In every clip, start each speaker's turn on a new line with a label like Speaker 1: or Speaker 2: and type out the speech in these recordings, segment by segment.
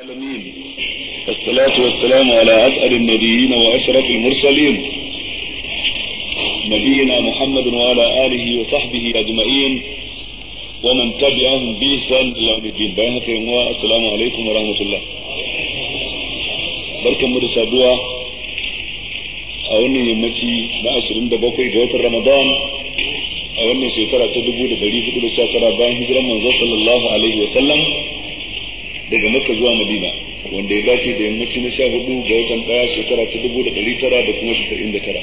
Speaker 1: العالمين الصلاة والسلام على أسأل النبيين وأشرف المرسلين نبينا محمد وعلى آله وصحبه أجمعين ومن تبعهم بإحسان إلى يوم الدين بينكم السلام عليكم ورحمة الله بركة mu da saduwa يمتي wannan yammaci دبوكي 27 ga watan سيطرة تدبو wannan shekara ta 1419 bayan hijiran manzon sallallahu alaihi daga makka zuwa madina wanda ya dace da yammaci na sha hudu ga watan daya shekara ta dubu da dari tara da kuma shekarun da tara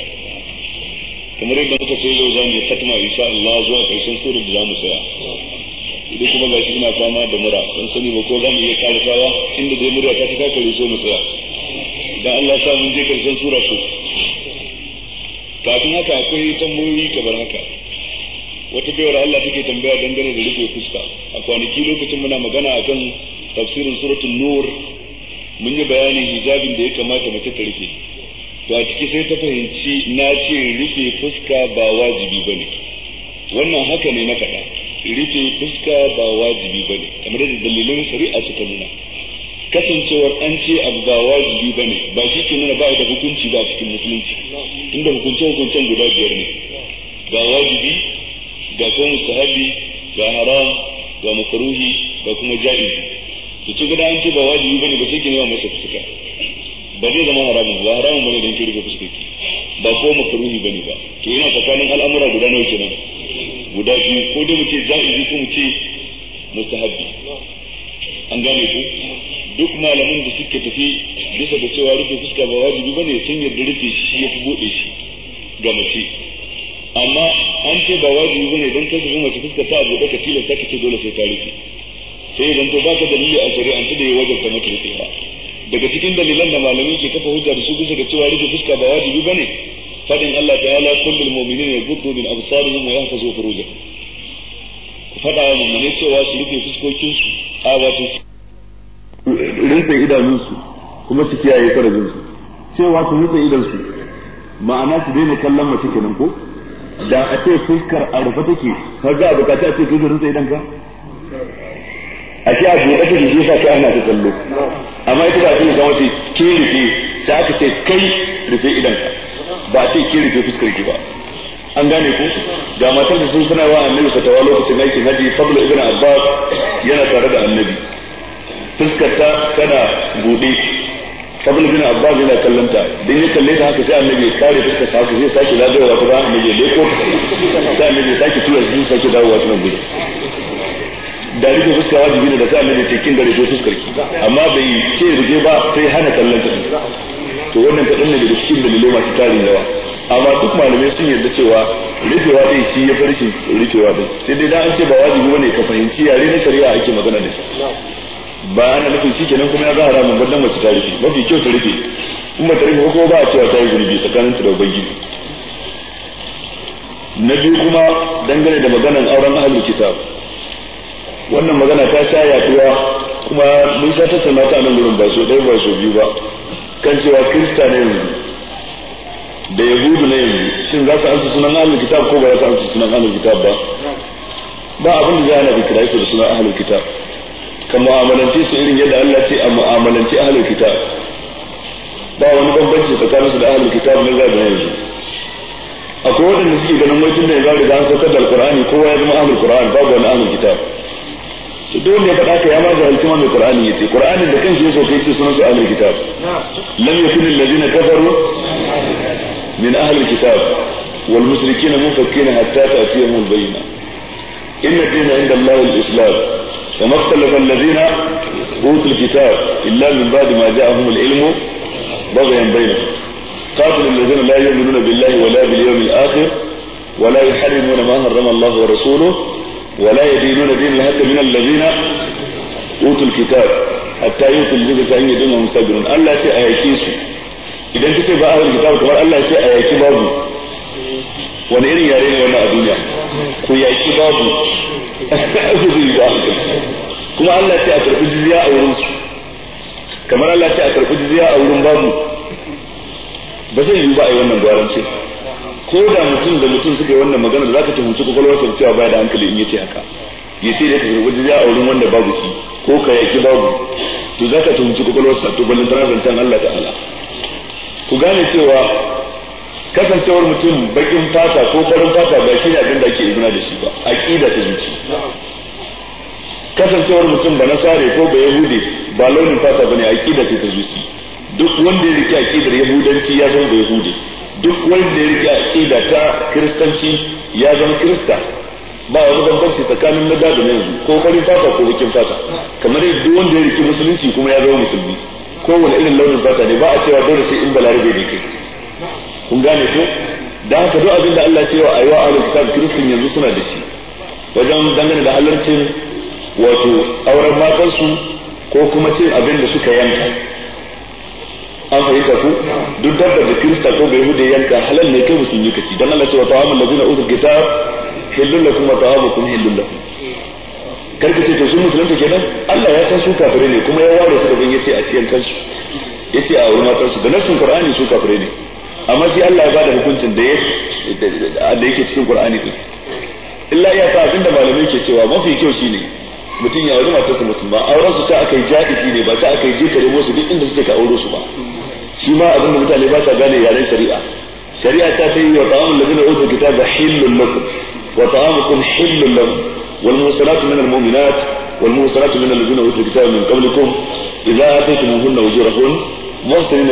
Speaker 1: kamar yadda muka sai yau za mu yi fatima insha Allah zuwa ƙarshen surar da za mu tsaya idan kuma ga shi ina fama da mura ban sani ba ko za mu iya karasawa inda dai mura ta ta kare sai mu tsaya idan Allah sa mun je ƙarshen sura ko kafin haka akwai tambayoyi kamar haka wata bayar Allah take tambaya dangane da rufe fuska a kwanaki lokacin muna magana akan tafsirin suratul nur mun yi bayanin hijabin da ya kamata mace ta rufe to a ciki sai ta fahimci na ce rufe fuska ba wajibi bane wannan haka ne na faɗa rufe fuska ba wajibi bane kamar da dalilan shari'a suka nuna kasancewar an ce abu ba wajibi bane ba shi ke nuna ba da hukunci ba cikin musulunci tunda hukunce hukuncen guda biyar ne ga wajibi ga kuma mustahabi ga haram ga makaruhi ga kuma ja'izi ki ci gida an ce ba wajibi bane ba sai ki nema masa fuska ba zai zama haramun ba haramun bane da ki rufe fuskoki ba ko makaruhi bane ba to yana tsakanin al'amura guda nawa kenan guda biyu ko dai mu ce za'izi ko mu ce mustahabbi an gane ku duk malamin da suka tafi bisa da cewa rufe fuska ba wajibi bane sun yarda rufe shi ya fi bude shi ga mace amma an ce ba wajibi bane don kasa mace fuska ta abu da ka tilasta ka ce dole sai ta rufe sai idan to baka dalili a shari'a da ya wajabta maka rufe ba daga cikin dalilan da malamai ke kafa hujja da su bisa ga cewa rufe fuska ba wajibi bane fadin Allah ta'ala kullul mu'minina yaghuddu min absarihim wa yahfazu furujahum fada wa mu'mini cewa su rufe fuskokin su a wato rufe idanun su kuma su kiyaye farajin su cewa su rufe idan su ma'ana su daina kallon mace kenan ko da a ce fuskar a rufe take ka a bukaci a ce ka rufe idan ka a ce abu ya take shi sa kai ana ta kallo amma ita ba sai zama ce ke rufe sai aka ce kai rufe idan ka ba sai ke rufe fuskar ki ba an gane ku da matar da sun suna wa annabi fatawa lokacin aikin haji fadlu ibn abbas yana tare da annabi fuskar ta tana bude fadlu ibn abbas yana kallon ta dan ya kalle ta haka sai annabi ya kare fuskar sa zai sake dawowa ta ba annabi ya leko sai annabi ya sake tura shi sake dawo wa tunan gudu da rufe fuska wajibi ne da sai Allah ya kin da rufe fuskar ki amma bai ce rufe ba sai hana kallon ta to wannan kadan ne da cikin dalilai masu tarin yawa amma duk malamai sun yarda cewa rufewa dai shi ya farshi rufewa dai sai dai da an ce ba wajibi bane ka fahimci yare na shari'a ake magana da shi ba ana nufin shi kenan kuma ya ga haramun gwamnan mace ta rufe mafi kyau ta rufe kuma ta rufe ko ba a cewa ta yi zunubi tsakanin ta da ubangiji na biyu kuma dangane da maganan auren ahlul kitab wannan magana ta sha yaduwa kuma mun sha ta sanata a nan gurin ba so ɗaya ba so biyu ba kan cewa kirista ne yanzu da yahudu ne yanzu shin za su amsa sunan ahalin kitab ko ba za su amsa sunan ahalin kitab ba ba abin da za a nabi kira su da sunan ahalin kitab ka mu'amalance su irin yadda Allah ce a mu'amalance ahalin kitab ba wani bambanci tsakanin su da ahalin kitab na zai da yanzu akwai waɗanda suke ganin wai tunda yanzu da an saukar da alqur'ani kowa ya zama ahlul ba babu wani ahalin kitab دون ما تقاك يا ماذا التمام القرآن يتي قرآن إذا كان جيسو في سنة سنة أهل الكتاب نعم. لم يكن الذين كفروا من أهل الكتاب والمشركين مفكين حتى تأتيهم البينة إن الدين عند الله الإسلام فما اختلف الذين أوتوا الكتاب إلا من بعد ما جاءهم العلم بغيا بينهم قاتل الذين لا يؤمنون بالله ولا باليوم الآخر ولا يحرمون ما حرم الله ورسوله ولا يدينون دين الحق من الذين اوتوا الكتاب حتى يؤتوا الجزية عن يد وهم الله يسي اياكي سو idan kace ba ahlul kitab kamar Allah ce a yaki babu wani irin yare ne wannan a duniya ku yaki babu kuma Allah ce a karɓi jizya a wurin su kamar Allah ce a karɓi jizya a wurin babu ba yi a yi wannan gwaranci ko da mutum da mutum suka yi wannan magana da zaka tuhunci kwakwalwarsa da cewa baya da hankali in yace haka ya ce da ka rubuta ya wurin wanda babu shi ko ka yaki babu to za ka zaka tuhunci kwakwalwarsa to ballin tana zancen Allah ta'ala ku gane cewa kasancewar mutum bakin fata ko farin fata ba shi ne abin da ake izina da shi ba aqida ta zuci kasancewar mutum ba nasare ko ba yahudi ba launin fata bane aqida ce ta zuci duk wanda ya rike aqidar yahudanci ya zama ba yahudi duk wanda ya rike aqida ta kiristanci ya zama kirista ba wani bambanci tsakanin na da na yanzu ko farin fata ko bakin fata kamar yadda duk wanda ya rike musulunci kuma ya zama musulmi ko wani irin launin fata ne ba a cewa dole sai in balarabe ne kai kun gane ko da haka duk abin da Allah ya ce wa a ahlul kitab kiristan yanzu suna da shi wajen dangane da halarcin wato auren matansu ko kuma cin abin da suka yanka an fahimta ku duk dabba da kirista ko bai hude yanka halal ne kai musulmi kaci dan Allah cewa ta'amul ladina uzu kitab hillul lakum wa ta'amukum hillul lakum kar ka ce to sun musulunta kenan Allah ya san su kafire ne kuma ya ware su daban yace a cikin kansu yace a wurin matan su da nasu qur'ani su kafire ne amma sai Allah ya bada hukuncin da da yake cikin qur'ani din illa ya sa abinda malamai ke cewa mafi kyau shine mutum ya ta matarsa ba auren su ta akai jadiki ne ba ta akai je da musu duk inda suke ka auro su ba shi ma abin da mutane ba ta gane yaren shari'a shari'a ta ce wa ta'amul ladina utul kitaba hillul lakum wa ta'amukum hillul lakum wal musalatu min al mu'minat wal musalatu min alladhina uta kitaba min qablikum idza hunna ujurahun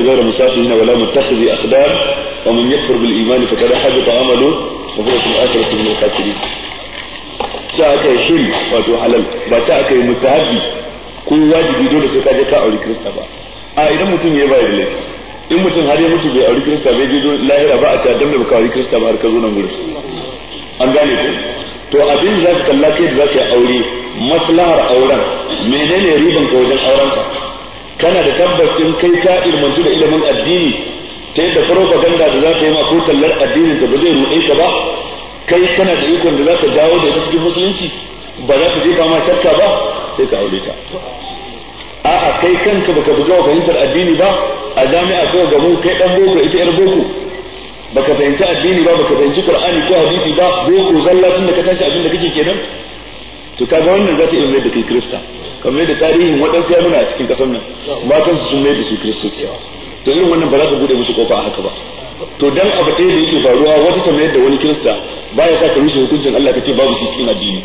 Speaker 1: ghayra musafihin akhdar wa man yakfur bil iman fa يكفر بالايمان فقد wa huwa fil akhirati min al khasirin sai aka yi shiri wato halal ba sai aka yi mutahabi ko wajibi dole sai ka je ka auri kirista ba a idan mutum ya bai da laifi in mutum har ya mutu bai auri kirista bai je lahira ba a ce dan da baka auri kirista ba har ka zo nan gurin an gane ku to abin da zaka kalla kai da zaka aure maslahar auren menene riban ka wajen auren ka kana da tabbas in kai ka ilmantu da ilimin addini ta yadda ganda da za ka yi ma ko kallar addinin ka ba zai ruɗe ka ba kai kana da ikon da za ka dawo da cikin musulunci ba za ka je fama shakka ba sai ka aure ta a'a kai kanka baka buga wa fahimtar addini ba a jami'a ko ga mu kai dan boko ita yar boko baka fahimci addini ba baka fahimci qur'ani ko hadisi ba boko zalla tun da ka tashi abin da kake kenan to kaga wannan za ta iya da kai krista kamar yadda tarihin waɗansu ya nuna a cikin ƙasar nan matan su sun mai da su kiristoci to irin wannan ba za ka bude musu kofa a haka ba to dan abu ɗaya da yake faruwa wata ta yadda wani kirista ba ya sa ka rushe hukuncin Allah kace babu shi cikin addini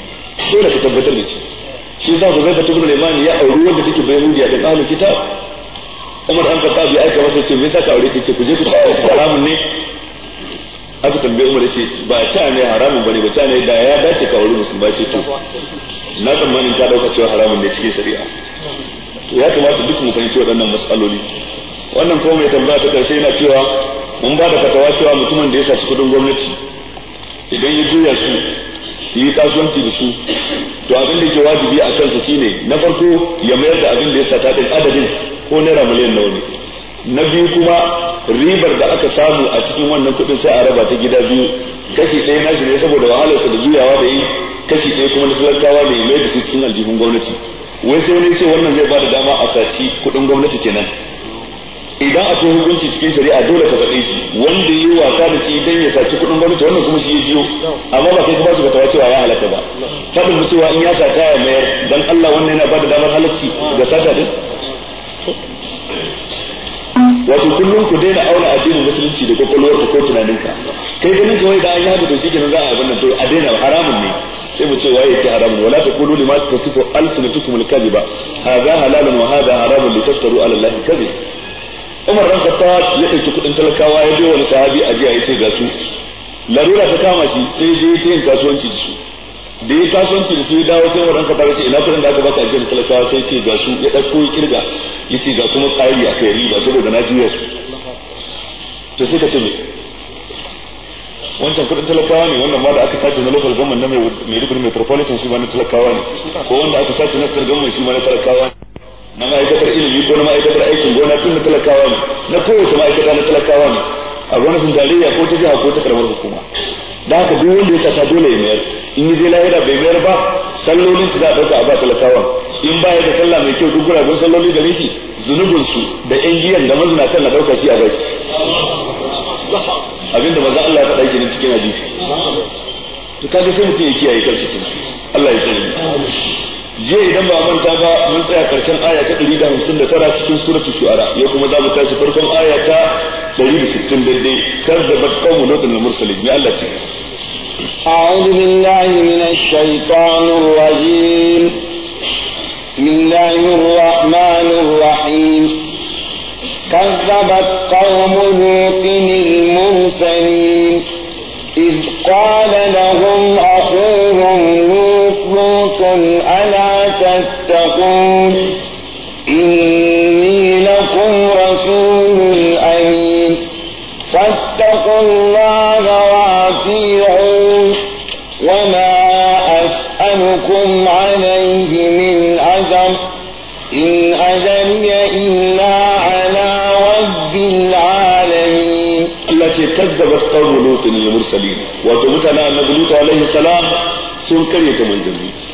Speaker 1: dole ka tabbatar da shi shi za ku zaka tabbata limani ya auri wanda take bayan Indiya da ahlul kitab Umar an fata bi aika masa ce me yasa ka aure shi ce ku je ku haramun ne aka tambaye Umar ce ba ta ne haramun bane ba ta ne da ya dace ka aure ba ce to na tsammanin ta dauka cewa haramun ne cikin shari'a ya kamata duk mu fahimci waɗannan mas'aloli wannan kuma mai tambaya ta karshe yana cewa mun ba da fatawa cewa mutumin da ya saci kudin gwamnati idan ya juya su yi kasuwanci da su to abin da ke wajibi a kansa shine na farko ya mayar da abin da ya sata din adadin ko naira miliyan nawa ne na biyu kuma ribar da aka samu a cikin wannan kudin sai a raba ta gida biyu kashi ɗaya na shi ne saboda wahalarsa da juyawa da yi kashi ɗaya kuma na talakawa mai da su cikin aljihun gwamnati wai sai wani ce wannan zai ba da dama a saci kuɗin gwamnati kenan idan a akwai hukunci cikin shari'a dole ka faɗe shi wanda yi wasa da shi dan ya saci kuɗin gwamnati wannan kuma shi ya ciyo amma ba kai ka ba su fatawa cewa ya halatta ba faɗin mu cewa in ya sata ya mayar dan Allah wannan yana bada damar halacci ga sata din wato kullum ku daina auna addinin musulunci da kwakwalwar ku ko tunaninka kai ganin kawai da an yi haka to shikenan za a abin nan to a daina haramun ne sai mu ce waye yake haramun wala taqulu lima tasifu alsinatukum alkadhiba hadha halalun wa hadha haramun litaftaru ala allahi kadhib Umar dan Khattab ya ɗauki kuɗin talakawa ya biyo wani sahabi a jiya ya ce ga su larura ta kama shi sai je ta yin kasuwanci da su da ya kasuwanci da su ya dawo sai wadanka ba ce ina kudin da aka baka ajiyar talakawa sai ce ga su ya ɗauko ya kirga ya ce ga kuma tsari a kai riba saboda na juya su to sai ka ce me wancan kudin talakawa ne wannan ma da aka sace na local government na mai rubin metropolitan shi ma na talakawa ne ko wanda aka sace na state government shi ma na talakawa ne na ma'aikatar ilimi ko na ma'aikatar aikin gona tun na talakawa ne na kowace ma'aikata na talakawa ne a gwamnatin tarayya ko ta jiha ko ta karamar hukuma da haka duk wanda ya sata dole ya mayar in yi zai lahira bai mayar ba sallolin su za a ɗauka a ba talakawa in ba ya da sallah mai kyau duk guragun salloli da nishi zunubin su da yan giyan da kan na ɗauka shi a bashi abinda maza Allah ya faɗa ne cikin hadisi to kaga sai mutum ya kiyaye karfi Allah ya tsare je idan ba manta ba mun tsaya karshen aya ta 159 cikin suratul shu'ara ya kuma za mu tashi farkon aya ta 160 daidai bakkan mu lokacin mursalin ya Allah ce
Speaker 2: أعوذ بالله من الشيطان الرجيم بسم الله الرحمن الرحيم كذبت قوم لوط المرسلين إذ قال لهم أخوهم تقول إني لكم رسول أمين فاتقوا الله وأطيعون وما أسألكم عليه من أجر إن أجري
Speaker 1: إلا على رب العالمين التي كذبت قوم لوط المرسلين وتمتنا النبي لوط عليه السلام sun من جديد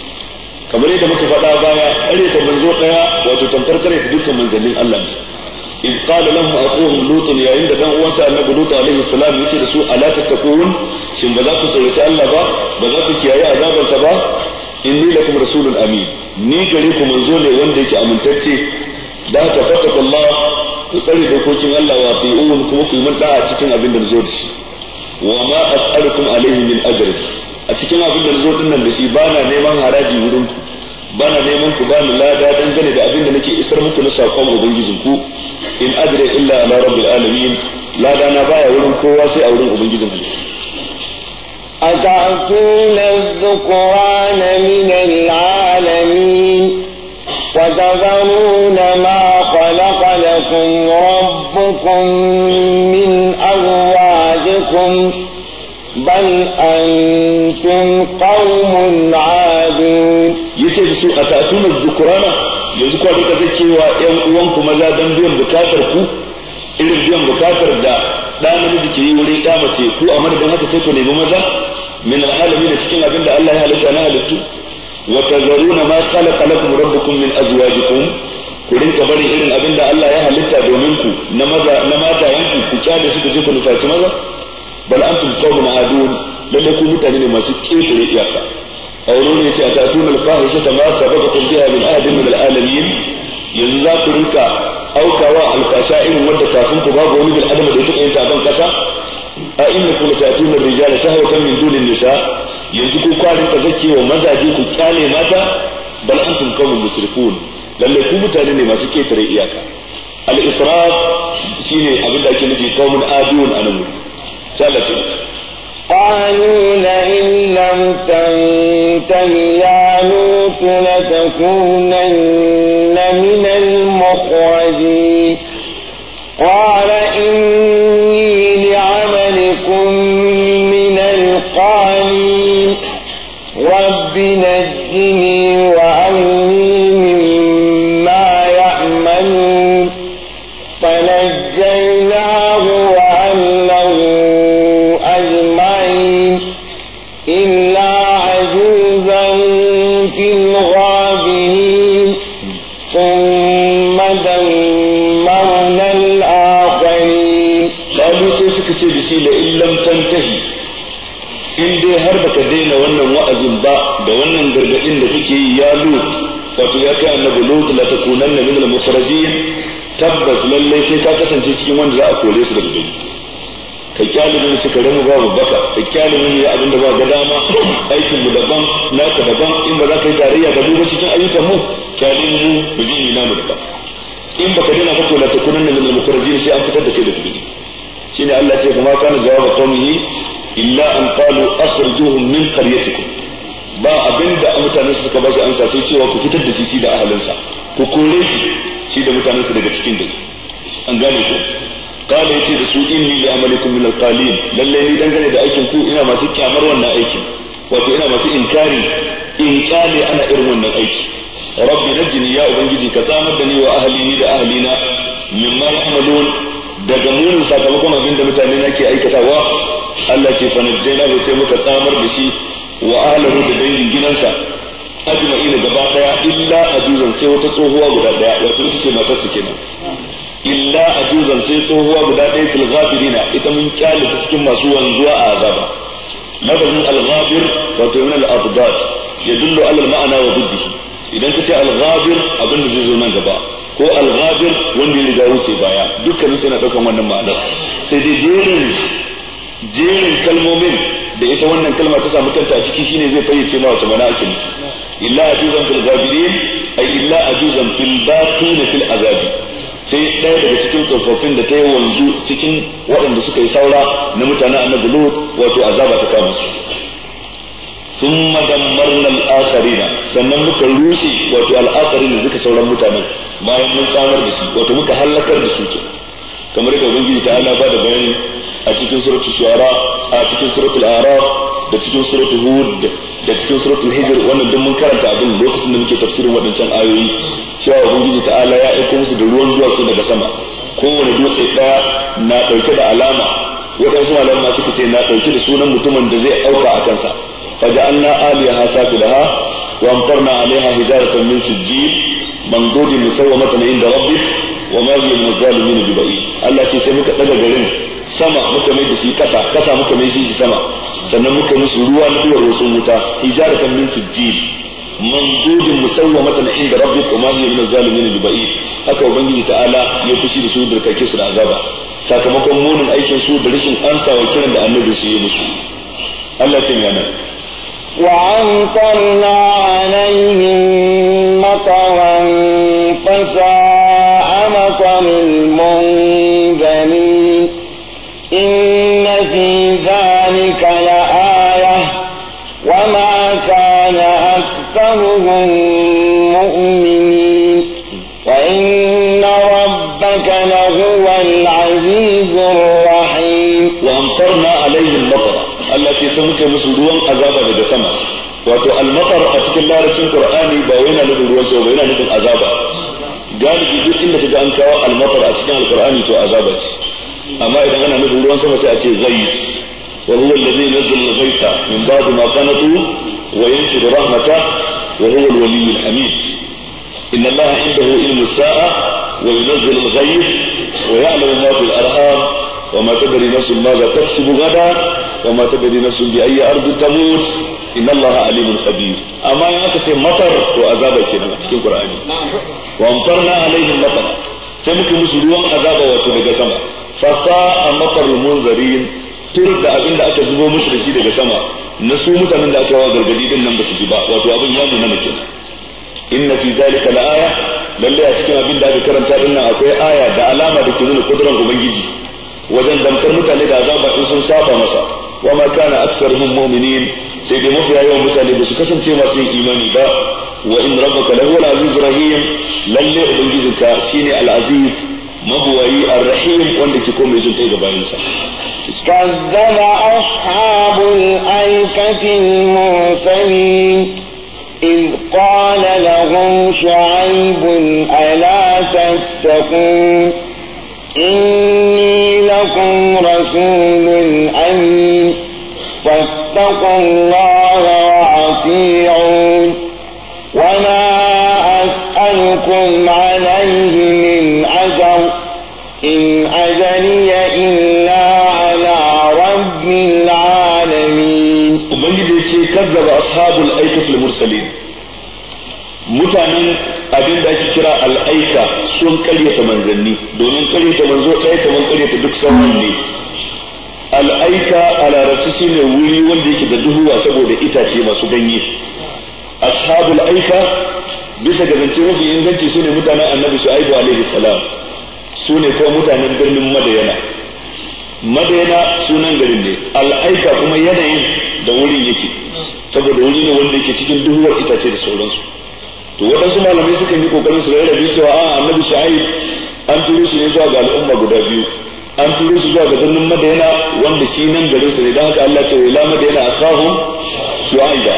Speaker 1: kamar yadda muka faɗa baya ƙare ta manzo ɗaya wato tamkar ƙare ta dukkan manzannin Allah ne in qala lahum aquhum lut yayin da dan uwansa annabi lut alaihi salam yake da su ala tattaqun shin ba za ku tsoraci Allah ba ba za ku kiyaye azabansa ba inni lakum rasulun amin ni gare ku manzo ne wanda yake amintacce da haka fattakullah ku tsare dokokin Allah wa fi umun kuma ku yi mun da'a cikin abin da zo da shi wa ma as'alukum alaihi min ajrin a cikin abin da zo dinnan da shi ba na neman haraji wurin ku ba na neman ku ba ni lada dangane da abin da nake isar muku na sakon ubangijin ku in adra illa ala rabbil alamin lada na baya wurin kowa sai a wurin ubangijin ku
Speaker 2: أتعطون الذكران من العالمين وتذرون ما خلق لكم ربكم من أزواجكم bal antum qaumun
Speaker 1: adun yace da su atatuna dhukrana yanzu ko duka zakewa ƴan uwan ku maza dan biyan bukatar ku irin biyan bukatar da da namiji ke yi wurin ɗa mace ku a madadin haka sai ku nemi maza min da cikin abin da Allah ya halitta na wata wa na ma min ku rinka barin irin abin da Allah ya halitta domin ku na maza na mata yanku ku kyale su ku je ku nufaci maza bal antum qawmun adun lalle ku mutane ne masu kishire iyaka a wurin ne sai ta tuna al-fahisha ta ma sabaqakum biha min ahadin min al-alamin yanzu za ku rinka aukawa al-fasha irin wanda kafin ku babu wani bil adam da yake yin kan kasa a inna kullu ta'tuna ar-rijal shahwatan min dunin nisa yanzu ku kwari ka zake wa mazaje ku kyale mata bal antum qawmun musrifun lalle ku mutane ne masu ketare iyaka al-israf shine abin da ake nufi qawmun adun anan سلفي
Speaker 2: قالوا لئن لم تنته يا لوط لتكونن من المخرجين قال إني لعملكم من القانين ربنا
Speaker 1: ba da wannan gargadin da kuke yi ya lut wato ya kai annabi lut la takunanna min al-mukhrajin tabbas lalle sai ka kasance cikin wanda za a kore su daga gari ka kyale mun suka rama babu baka ka kyale mun ya abin da ba ga dama aikin mu daban na ka daban in ba za ka yi tarayya da duba cikin ayyukan mu kyale mu mu bi ina mu daban in ba ka dena ka kula ta kunan min al-mukhrajin sai an fitar da kai da gari shine Allah ya ce kuma kana jawaba qaumihi illa an qalu akhrijuhum min qaryatikum ba abin da mutanen su suka bashi amsa sai cewa ku fitar da shi shi da ahalinsa ku kore shi shi da mutanen su daga cikin gari an gane ku kala yace da su inni li amalikum min alqalin lalle ni dangane da aikin ku ina masu kyamar wannan aikin wato ina masu inkari in kale ana irin wannan aiki rabbi najini ya ubangiji ka samar da ni wa ahli ni da ahlina mimma ya'malun daga munin sakamakon abin da mutane na ke aikatawa Allah ke fanajjaina sai muka samar da shi wa ahlihi da dangin gidansa ajma'ina gaba daya illa ajuzan sai wata tsohuwa guda daya wato ita ce matar su kenan illa ajuzan sai tsohuwa guda daya fil ghafirina ita mun kyale ta cikin masu wanzuwa a azaba lafazin al-ghafir wato min al-abdad yadullu ala al-ma'na wa duddihi idan kace al-ghafir abin da zai zo nan gaba ko al-ghafir wanda ya riga sai baya dukkanin sai na daukan wannan ma'anar sai dai jerin jerin kalmomin da ita wannan kalma ta samu kanta a ciki shine zai fayyace ma wata mana ake illa ajuzan fil ghabirin ay illa ajuzan fil baqin fil azabi sai ɗaya daga cikin tsofaffin da ta yi wanzu cikin waɗanda suka yi saura na mutanen annabi lut wato azaba ta kama su ثم دمرنا الآخرين sannan muka rushe wato al'akari da duka sauran mutanen bayan mun samar da su wato muka halakar da su ke kamar da ubangiji ta ala ba da bayani a cikin suratul shuara a cikin suratul araf da cikin suratul hud da cikin suratul hijr wannan duk mun karanta abin lokacin da muke tafsirin waɗancan ayoyi cewa ubangiji ta'ala ya aika musu da ruwan duwatsu daga sama kowane dutse ɗaya na ɗauke da alama waɗansu malaman ma suka ce na ɗauke da sunan mutumin da zai auka a kansa فجعلنا آليها سافلها وأمطرنا عليها حجارة من سجيل wa مسومة عند ربك وما هي من Allah ke الله تسمك daga garin. sama muka mai da shi kasa kasa muka mai shi sama sannan muka musu ruwa na duwar wasu wuta hijaratan min sujjid mandubin musawwamatan inda rabbi wa ma hiya min zalimin biba'id haka ubangiji ta'ala ya fushi da su da kake su da azaba sakamakon munin aikin su da rashin wa kiran da annabi su yi musu Allah ya tanya nan
Speaker 2: wa amtarna alaihim
Speaker 1: muke musu ruwan azaba daga sama wato almatar a cikin larabcin qur'ani ba yana nufin ruwan sama yana nufin azaba galibi duk inda kaga an kawo almatar a cikin alqur'ani to azaba ce amma idan ana nufin ruwan sama sai a ce zai wa huwa alladhi yunzilu al-ghaytha وهو الذي نزل الغيث من بعد ما قنطوا وينشر رحمته وهو الولي الحميد إن الله عنده علم الساعة وينزل الغيث ويعلم ما في الأرحام وما تدري نفس ماذا تكسب غدا وما تدري نفس بأي أرض تموت إن الله عليم خبير أما يأتي مطر وأذاب كنا في القرآن وأمطرنا عليهم مطر sai muke musu ruwan azaba wato daga sama fasa a matar munzarin tur da abin da zubo musu da shi daga sama na su mutanen da aka wa nan ba su ji wato abin ya nuna mutum inna fi zalika la'aya lalle a cikin abin da aka karanta ina akwai aya da alama da ke ubangiji wajen damkar mutane da azaba in sun saba masa وما كان أكثرهم مؤمنين سيدي مفيا يوم مثالي بس كسن سيما في إيماني با وإن ربك لهو العزيز الرحيم للي أبنجزك سيني العزيز مبوي الرحيم وانك تكون بيزن تيجا باينسا كذب
Speaker 2: أصحاب الأيكة المرسلين إذ قال لهم شعيب ألا تتقون إني لكم رسول أمين واتقوا الله وأطيعون وما أسألكم عليه من أجر إن أجري إلا على رب
Speaker 1: العالمين ومن كذب أصحاب الأيكة المرسلين mutanen abin da ake kira al'aika sun karyata manzanni domin karyata manzo ɗaya kamar karyata duk sauran ne al'aika a larabci su ne wuri wanda yake da duhuwa saboda itace masu ganye ashabul aika bisa ga zance mafi inganci su ne mutanen annabi shu'aibu alaihi salam su ne kuma mutanen birnin madayana madayana sunan garin ne al'aika kuma yanayin da wurin yake saboda wuri ne wanda yake cikin duhuwar itace da sauransu to waɗansu malamai sukan yi kokarin su da su a annabi shu'aib an turo shi ne zuwa ga al'umma guda biyu an turo su zuwa ga birnin madaina wanda shi nan gare su ne don haka Allah ta ila madaina a asahum shu'aiba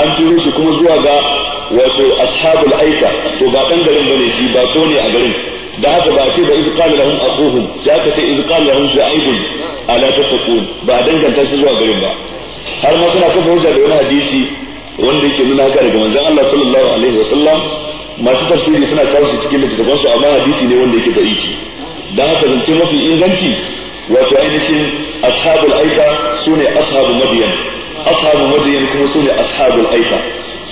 Speaker 1: an turo su kuma zuwa ga wato ashabul aika to ba dan garin bane shi ba so ne a garin da haka ba ce da iz qala lahum aquhum ya ka ce iz qala lahum shu'aibun ala tattaqun ba danganta su zuwa garin ba har ma suna kafa hujja da wani hadisi wanda yake nuna haka daga manzon Allah sallallahu alaihi wasallam masu tafsiri suna kawo su cikin littattafansu amma hadisi ne wanda yake da iki dan haka zance mafi inganci wato ainihin ashabul aika ne ashabu madiyan ashabu madiyan kuma sune ashabul aika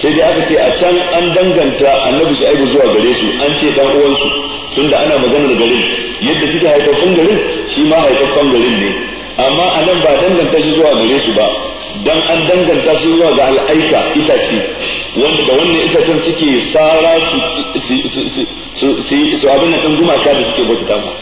Speaker 1: sai dai aka ce a can an danganta annabi shu'aibu zuwa gare su an ce dan uwansu tunda ana magana da garin yadda kika haifaffen garin shi ma haifaffen garin ne amma a nan ba danganta shi zuwa gare su ba dan an danganta shi zuwa ga al'aika itace wanda da wannan itacen suke sara su abin nan ɗan gumaka da suke bauta ma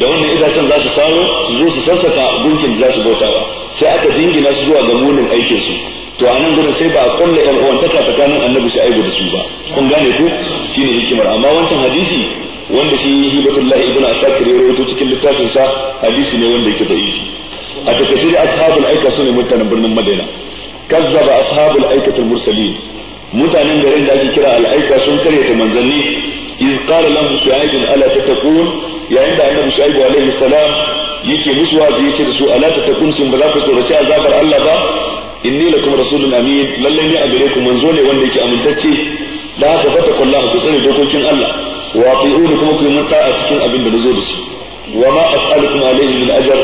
Speaker 1: da wannan itacen za su saro zo su sassaka gunkin za su bauta ba sai aka dingina su zuwa ga munin aikin su to a nan gudun sai ba a kulla yan uwantaka tsakanin annabi shi aibu da su ba kun gane ko shine hikimar amma wancan hadisi wanda shi yi hibatullahi ibnu asakir ya rawaito cikin littafin sa hadisi ne wanda yake da ifi a takasiri ashabul aika sune mutanen birnin madina kazzaba ashabul aikatul mursalin mutanen garin da ake kira al'aika sun karyata manzanni iz qala lahum shu'aib ala tattaqun yayin da annabi shu'aib alaihi salam yake musu wazi yace da su ala tattaqun sun ba za ku tsoraci azabar Allah ba inni lakum rasulun amin lalle ni a gare ku manzo ne wanda yake amintacce da haka fattakullahu ku tsare dokokin Allah wa ati'uni kuma ku yi mun a cikin abin da nazo da shi wa ma as'alukum alayhi min ajr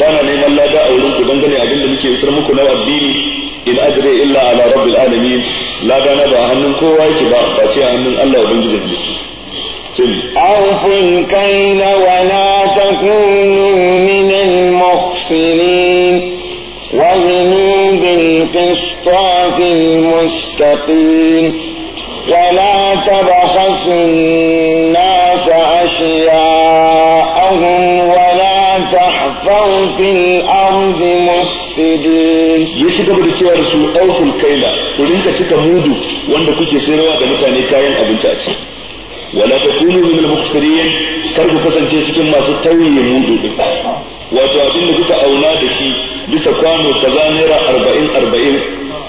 Speaker 1: bana neman lada a wurin ku dangane abin da muke fitar muku na addini in ajri illa ala rabbil alamin ladana ba hannun kowa yake ba ba ce hannun Allah ubangijin ne
Speaker 2: أوفوا الكيل ولا تكونوا من المخسرين وزنوا بالقسطاس المستقيم ولا تبخسوا الناس أشياءهم ولا تحفوا في الأرض مفسدين
Speaker 1: ya ci gaba da cewa su auful kaila ku rinka cika mudu wanda kuke sayarwa da mutane kayan abinci a ciki wala takunu min al-muqsirin kar ku kasance cikin masu tauye mudu din wato abin da kuka auna da shi bisa kwano kaza naira arba'in arba'in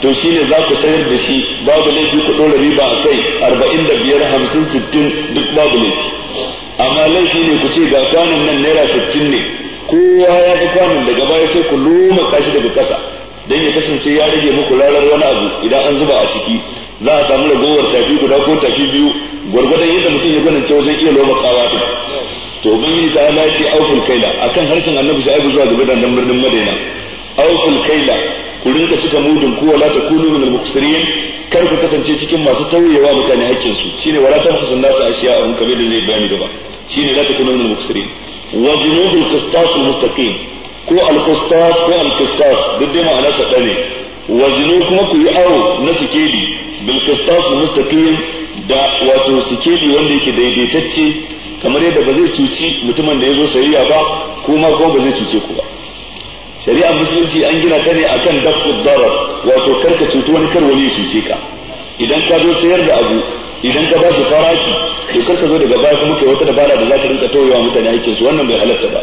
Speaker 1: to shine za ku sayar da shi babu laifi ku ɗora riba a kai arba'in da biyar hamsin sittin duk babu laifi amma laifi ne ku ce ga kwanon nan naira sittin ne kowa ya fi kwamin daga baya sai ku loma kashi daga kasa don ya kasance ya rage muku lalar wani abu idan an zuba a ciki za a samu ragowar tafi guda ko tafi biyu gwargwadon yadda mutum ya gwanin cewa zai iya loma kawa ta to yi ta ala ce auful kaila kan harshen annabi sha'ibu zuwa gaba da nan birnin madaina auful kaila ku rinka cika mudun ku wala ta kunu min al-muqsirin kar ku kasance cikin masu tauyewa mutane hakkin su shine wala ta hasanna ta ashiya an kabe da zai bayani gaba shine la ta kunu min al-muqsirin wa junubul qistas mustaqim ko al ko al-qistas duk dai ma'ana ta dane wa kuma ku yi awo na sikeli bil qistas mustaqim da wato sikeli wanda yake daidaitacce kamar yadda ba zai cuci mutumin da ya zo shari'a ba kuma ko ba zai cuce ku ba shari'ar musulunci an gina ta ne akan dafu darar wato karka cutu wani kar wani cuce ka idan ka zo sayar da abu idan ka ba su faraki to kar ka zo daga baya kuma kai wata dabara da za ka rinka toyewa mutane aikin su wannan bai halatta ba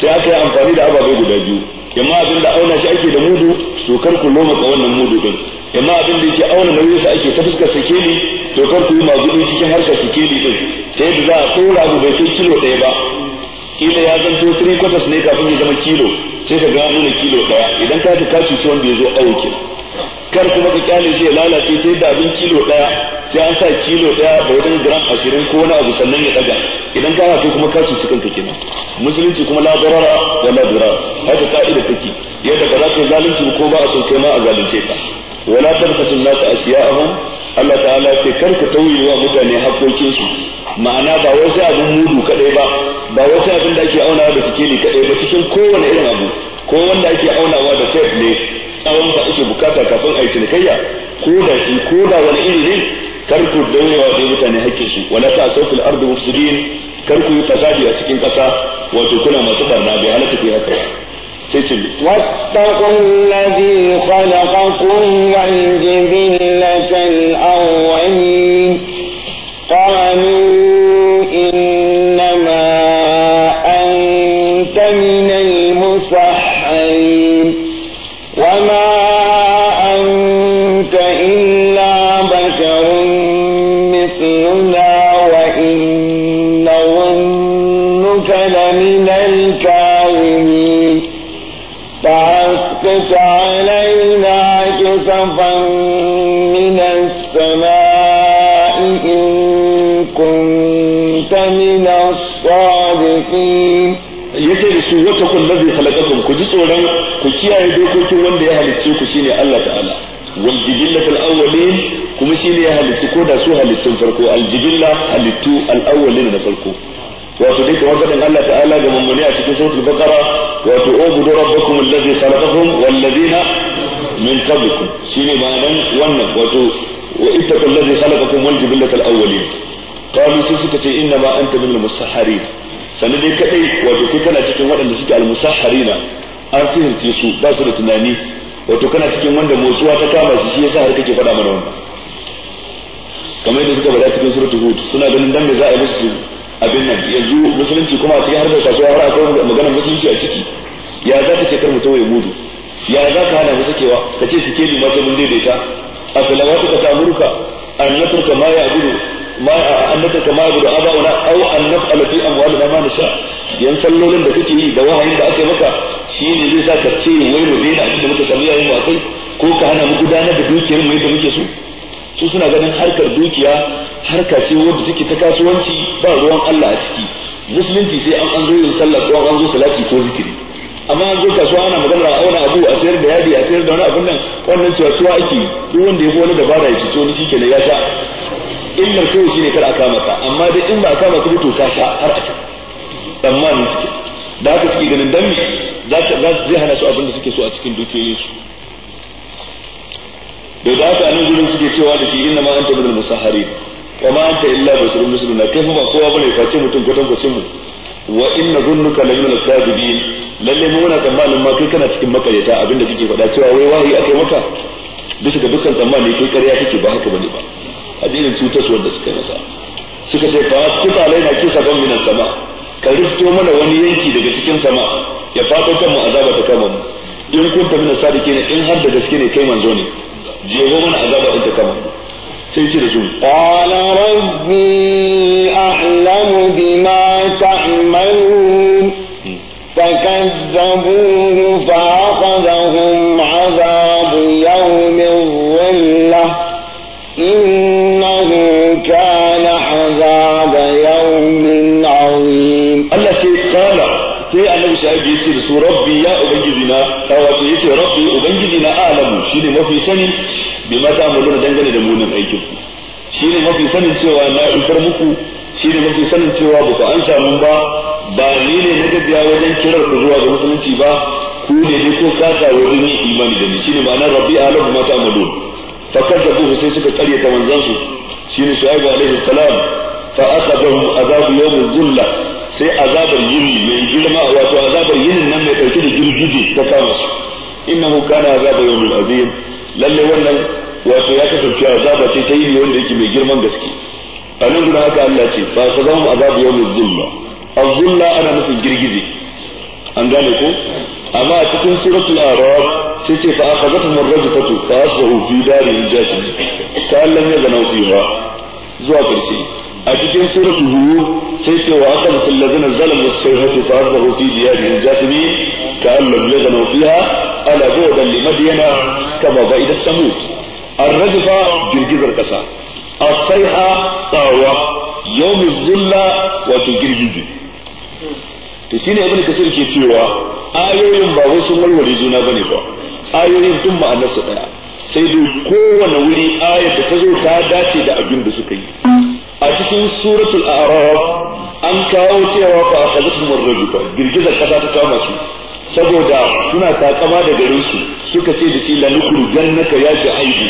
Speaker 1: sai aka yi amfani da ababai guda biyu amma abin da auna shi ake da mudu to kar ku loma ka wannan mudu din amma abin da yake auna nauyin sa ake ta fuskar sikeli to kar ku yi gudu cikin harkar sikeli din ta yadda za a tsora abu bai kai kilo ɗaya ba kila ya to three quarters ne kafin ya zama kilo sai ka ga nuna kilo ɗaya idan ka ta kashi wanda ya zo aiki kar kuma ka kyale shi ya lalace sai da abin kilo daya sai an sa kilo daya ba wajen gram ashirin ko wani abu sannan ya daga idan ka haka kuma kashi cikin kanka kenan musulunci kuma la darara wa la dirar haka ka'ida take yadda ba za ka zalunci ko ba a so kai ma a zalunce ka wala tarfasu nas asiya'ahum Allah ta'ala ce kar ka tauye wa mutane haƙoƙin su ma'ana ba wasu abin mudu kadai ba ba wasu abin da ake aunawa da sikeli kadai ba cikin kowane irin abu ko wanda ake aunawa da tape ne tsawon da ake bukata kafin a yi cinikayya ko da shi ko da wani iri ne kar ku daurewa da mutane hakkin su wala ta asawfil ardu mufsidin kar ku yi fasadi a cikin kasa wato kuna masu barna bai halaka ku haka sai ce wattaqul
Speaker 2: ladhi khalaqakum wal jibin فأسقط علينا كسفا من السماء إن كنت من
Speaker 1: الصادقين yace da su wata kun nabi halakakum ku ji tsoron ku kiyaye dokokin wanda ya halicce ku shine Allah ta'ala wal jibillatul awwalin kuma shine ya halicci ko da su halittun farko al jibilla halittu al awwalin na farko wato dai kamar Allah ta'ala ga mummuni a cikin suratul baqara wato ubudu rabbakum alladhi khalaqakum wal ladina min qablikum shine ma'anan wannan wato wa ittaqu alladhi khalaqakum wal jibillata al awwalin qalu sai suka ce inna ma anta min al musahharin sannan dai kadai wato kai kana cikin waɗanda suke al musahharina an sihirce su ba su da tunani wato kana cikin wanda motsuwa ta kama shi yasa har kake faɗa mana wannan kamar yadda suka faɗa cikin suratul hud suna ganin dan me za a yi musu abin nan yanzu musulunci kuma a cikin harkar kasuwa har akwai magana musulunci a ciki ya za ka ce kar mutum ya gudu ya za ka hana mu sakewa ka ce suke bi masu mun daidaita a filamatu ka tamurka an nasarka ma ya gudu ma an nasarka ma ya gudu a aba'una au an nas'ala fi amwalina ma na sha yan sallolin da kake yi da wahayin da ake maka shi ne zai sa ka ce wai mu daina a da mutum sami yayin mu ko ka hana mu gudanar da dukiyar mu yadda muke so su suna ganin harkar dukiya harka ce wadda take ta kasuwanci ba ruwan Allah a ciki musulunci sai an an zo yin sallah ko an zo salati ko zikiri amma an zo kasuwa ana magana a auna abu a sayar da yadi a sayar da wani abun nan wannan cewa suwa ake duk wanda ya fi wani dabara ya fito ni shikenan ya sha illar shi shine kar a kama ka amma dai in ba a kama ka to ka sha har a sha tsammanin suke
Speaker 3: da haka suke ganin
Speaker 1: dan za su hana su abin da suke so a cikin dukiyoyinsu to da haka nan gudun suke cewa da shi inna ma anta minal musahharin wa ma anta illa basharun na kai fa ba kowa bane ce mutum kwatan kwacin mu wa inna zunnuka la minal kadibin lalle mu na tsammanin ma kai kana cikin makaryata abinda kake faɗa cewa wai wahayi akai maka bisa ga dukkan tsammani kai ƙarya kake ba haka bane ba addinin cutar wanda suka nasa. suka ce fa kuta laina kisa ban minan sama ka rufto mana wani yanki daga cikin sama ya fatan kanmu azaba ta kama mu in tafi minan sadiki ne in har da gaske ne kai manzo ne jebo mana azaba in ta kama sai ce da su
Speaker 2: فكذبوه فأخذهم عذاب يوم الظلة إنه كان عذاب يوم عظيم
Speaker 1: الله سيقال في أنه سيجيس ربي يا أبي جبنا أو سيجيس رب ubangiji na alamu shine mafi sani bi ma ta amuru dangane da munin aikin ku shine mafi sanin cewa na isar muku shine mafi sanin cewa ba ku an mun ba ba ni ne na gajiya wajen kirar ku zuwa ga musulunci ba ku ne ne ko kasa wuri ne imani da ni shine ma'anar rabbi alamu ma ta amuru fa ku sai suka ta karyata Shi shine shu'aibu alaihi salam fa akhadahum azabu yawm zulla sai azabar yini mai girma wato azabar yinin nan mai dauke da girgije ta kama su إنه كان عذاب يوم الأذين لن يولى وسياسة في عذاب تيتين يولى كي بيجر من بسكي أنه هناك أن لا فأخذهم عذاب يوم الظلمة الظلمة أنا مثل جريجي أن ذلك أما تكون سورة الأعراب ستي فأخذتهم الرجفة فأصبحوا في دار الجاسم كأن لم يغنوا فيها زوا كرسي a cikin suratul hud sai ce wa aqabat allazina zalamu sayhatu fa azzahu fi diyarihim jatimi ka allam yadanu fiha ala bu'dan li madyana kama ba'ida samud ar-rajfa girgizar kasa as-sayha sawa yawm az-zulla wa girgiji to shine ibn kasir ke cewa ayoyin ba wai sun warware juna bane ba ayoyin tun su daya sai dai kowane wuri ayar da ta zo ta dace da abin da suka yi a cikin suratul a'raf an kawo cewa fa akhadathum ar-rajfa girgizar kasa ta kama su saboda suna takama da garin su suka ce da shi la nukuru jannaka ya ta aibu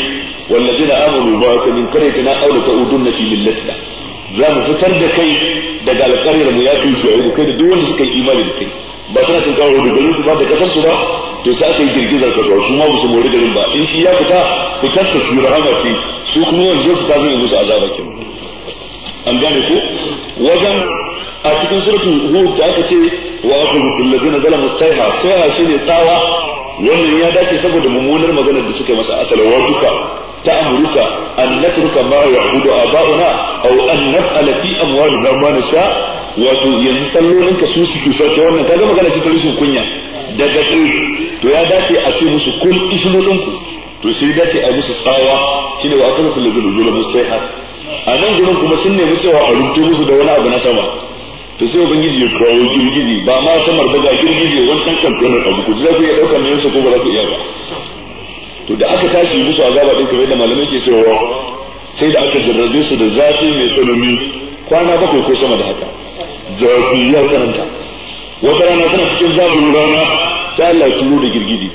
Speaker 1: wallazina amanu ba ka min qaryatina aw la ta'udunna fi millatina za mu fitar da kai daga alƙaryar mu ya kai shi kai da duk wanda suka yi imani da kai ba suna sun kawo da garin su ba da kasar su ba to sai aka yi girgizar ka kasuwa su ma su mori garin ba in shi ya fita fitar ta su rahama ce su kuma yanzu su ta zai yanzu su azaba kenan an gane ko wajen a cikin surutun hud da aka ce wa aka rukun lazina zalamu saiha saiha shine ne tsawa wannan ya dace saboda mummunar maganar da suka masa asalawa duka تأمرك أن نترك ما يعبد آباؤنا أو أن نفعل fi أموالنا ما نشاء wato yanzu sallolin ka su su cutar ta wannan ta zama gana ce ta rishin kunya daga tsaye to ya dace a ce musu kun isilolin ku to sai dace a musu tsawa shine wa akan kullu zulul musaihat a nan gurin kuma sun nemi cewa a rubuto musu da wani abu na sama to sai ubangiji ya kawo girgizi ba ma samar ba ga girgije wani ɗan kankanar abu ku za ku iya ɗaukar ne ko ba za ku iya ba to da aka tashi musu a azaba ɗin kamar da malamai ke cewa sai da aka jarrabe su da zafi mai tsanani kwana bakwai ko sama da haka zafi ya tsananta wata rana tana cikin zafin rana ta Allah ya turo da girgizi.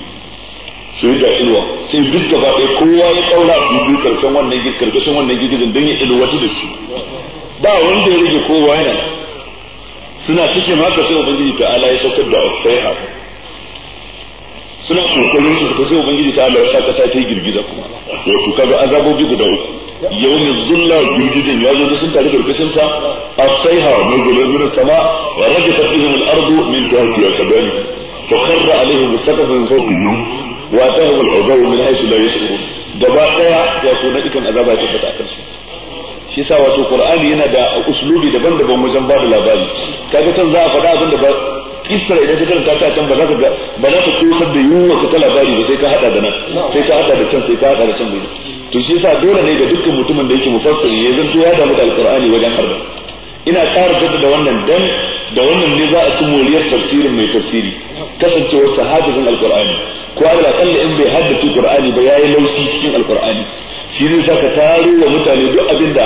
Speaker 1: su yi da ilwa sai duk gaba ɗaya kowa ya ɗaura a dubi karshen wannan karkashin wannan girgijin don ya ilwatu da shi ba wanda ya rage kowa yana suna cikin haka sai ubangiji ta ala ya saukar da faiha suna kokarin su ta sai ubangiji ta ala ya sa kasa ta yi girgiza kuma wato kaga azabobi guda uku yawmin zulla girgijin ya zo sun tare karkashin sa asaiha mai gulazuna sama wa rajata fihim al-ardu min tahtiha kadani فخر عليهم السقف من فوقهم wa tahum al-udaw min haythu la yashurun gaba daya ya so na dukan azaba ta tabbata akan su shi yasa wato qur'ani yana da uslubi daban-daban wajen ba da labari kaga kan za a faɗa abin da ba kissa idan ka ta can ba za ka ga ba za ka kusar da yunwa ka ta labari ba sai ka hada da nan sai ka hada da can sai ka hada da can to shi yasa dole ne ga dukkan mutumin da yake mufassiri ya zanto ya damu da al alqur'ani wajen harba ina ƙara jaddada wannan dan da wannan ne za a ci moriyar tafsirin mai tafsiri kasancewar al alqur'ani ko Allah kalli in bai haddace Qur'ani ba yayi laushi cikin Alqur'ani shi zai saka taro wa mutane duk abinda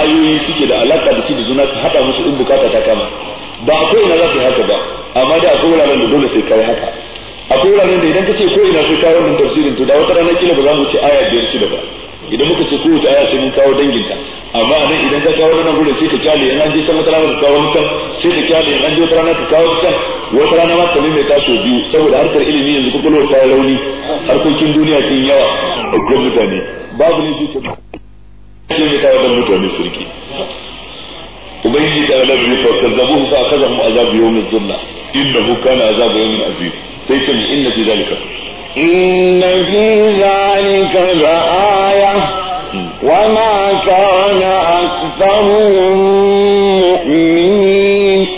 Speaker 1: ayoyi suke da alaka da shi da juna ka hada musu in bukata ta kama ba akwai ina za yi haka ba amma da akwai wuraren da dole sai kai haka akwai wuraren da idan ka ce ko ina sai kawo wannan tafsirin to da wata rana kila ba za mu ci aya biyar da ba idan muka ce kowace aya sai mun kawo danginta amma anan idan ka kawo wannan gurin sai ka kyale yana je san wata rana ka kawo mutan sai ka kyale yana je wata rana ka kawo mutan wata rana ma kamar mai taso biyu saboda harkar ilimi yanzu ku kwakwalwar ta rauni harkokin duniya sun yawa a kan mutane babu ne shi ka sai mai kawo dan mutane surki ubangiji da Allah bai fakar zabu fa kaza mu azab yawmin dhulla innahu kana azab yawmin azim sai ta inna fi zalika
Speaker 2: إن في ذلك لآية وما كان أكثرهم مؤمنين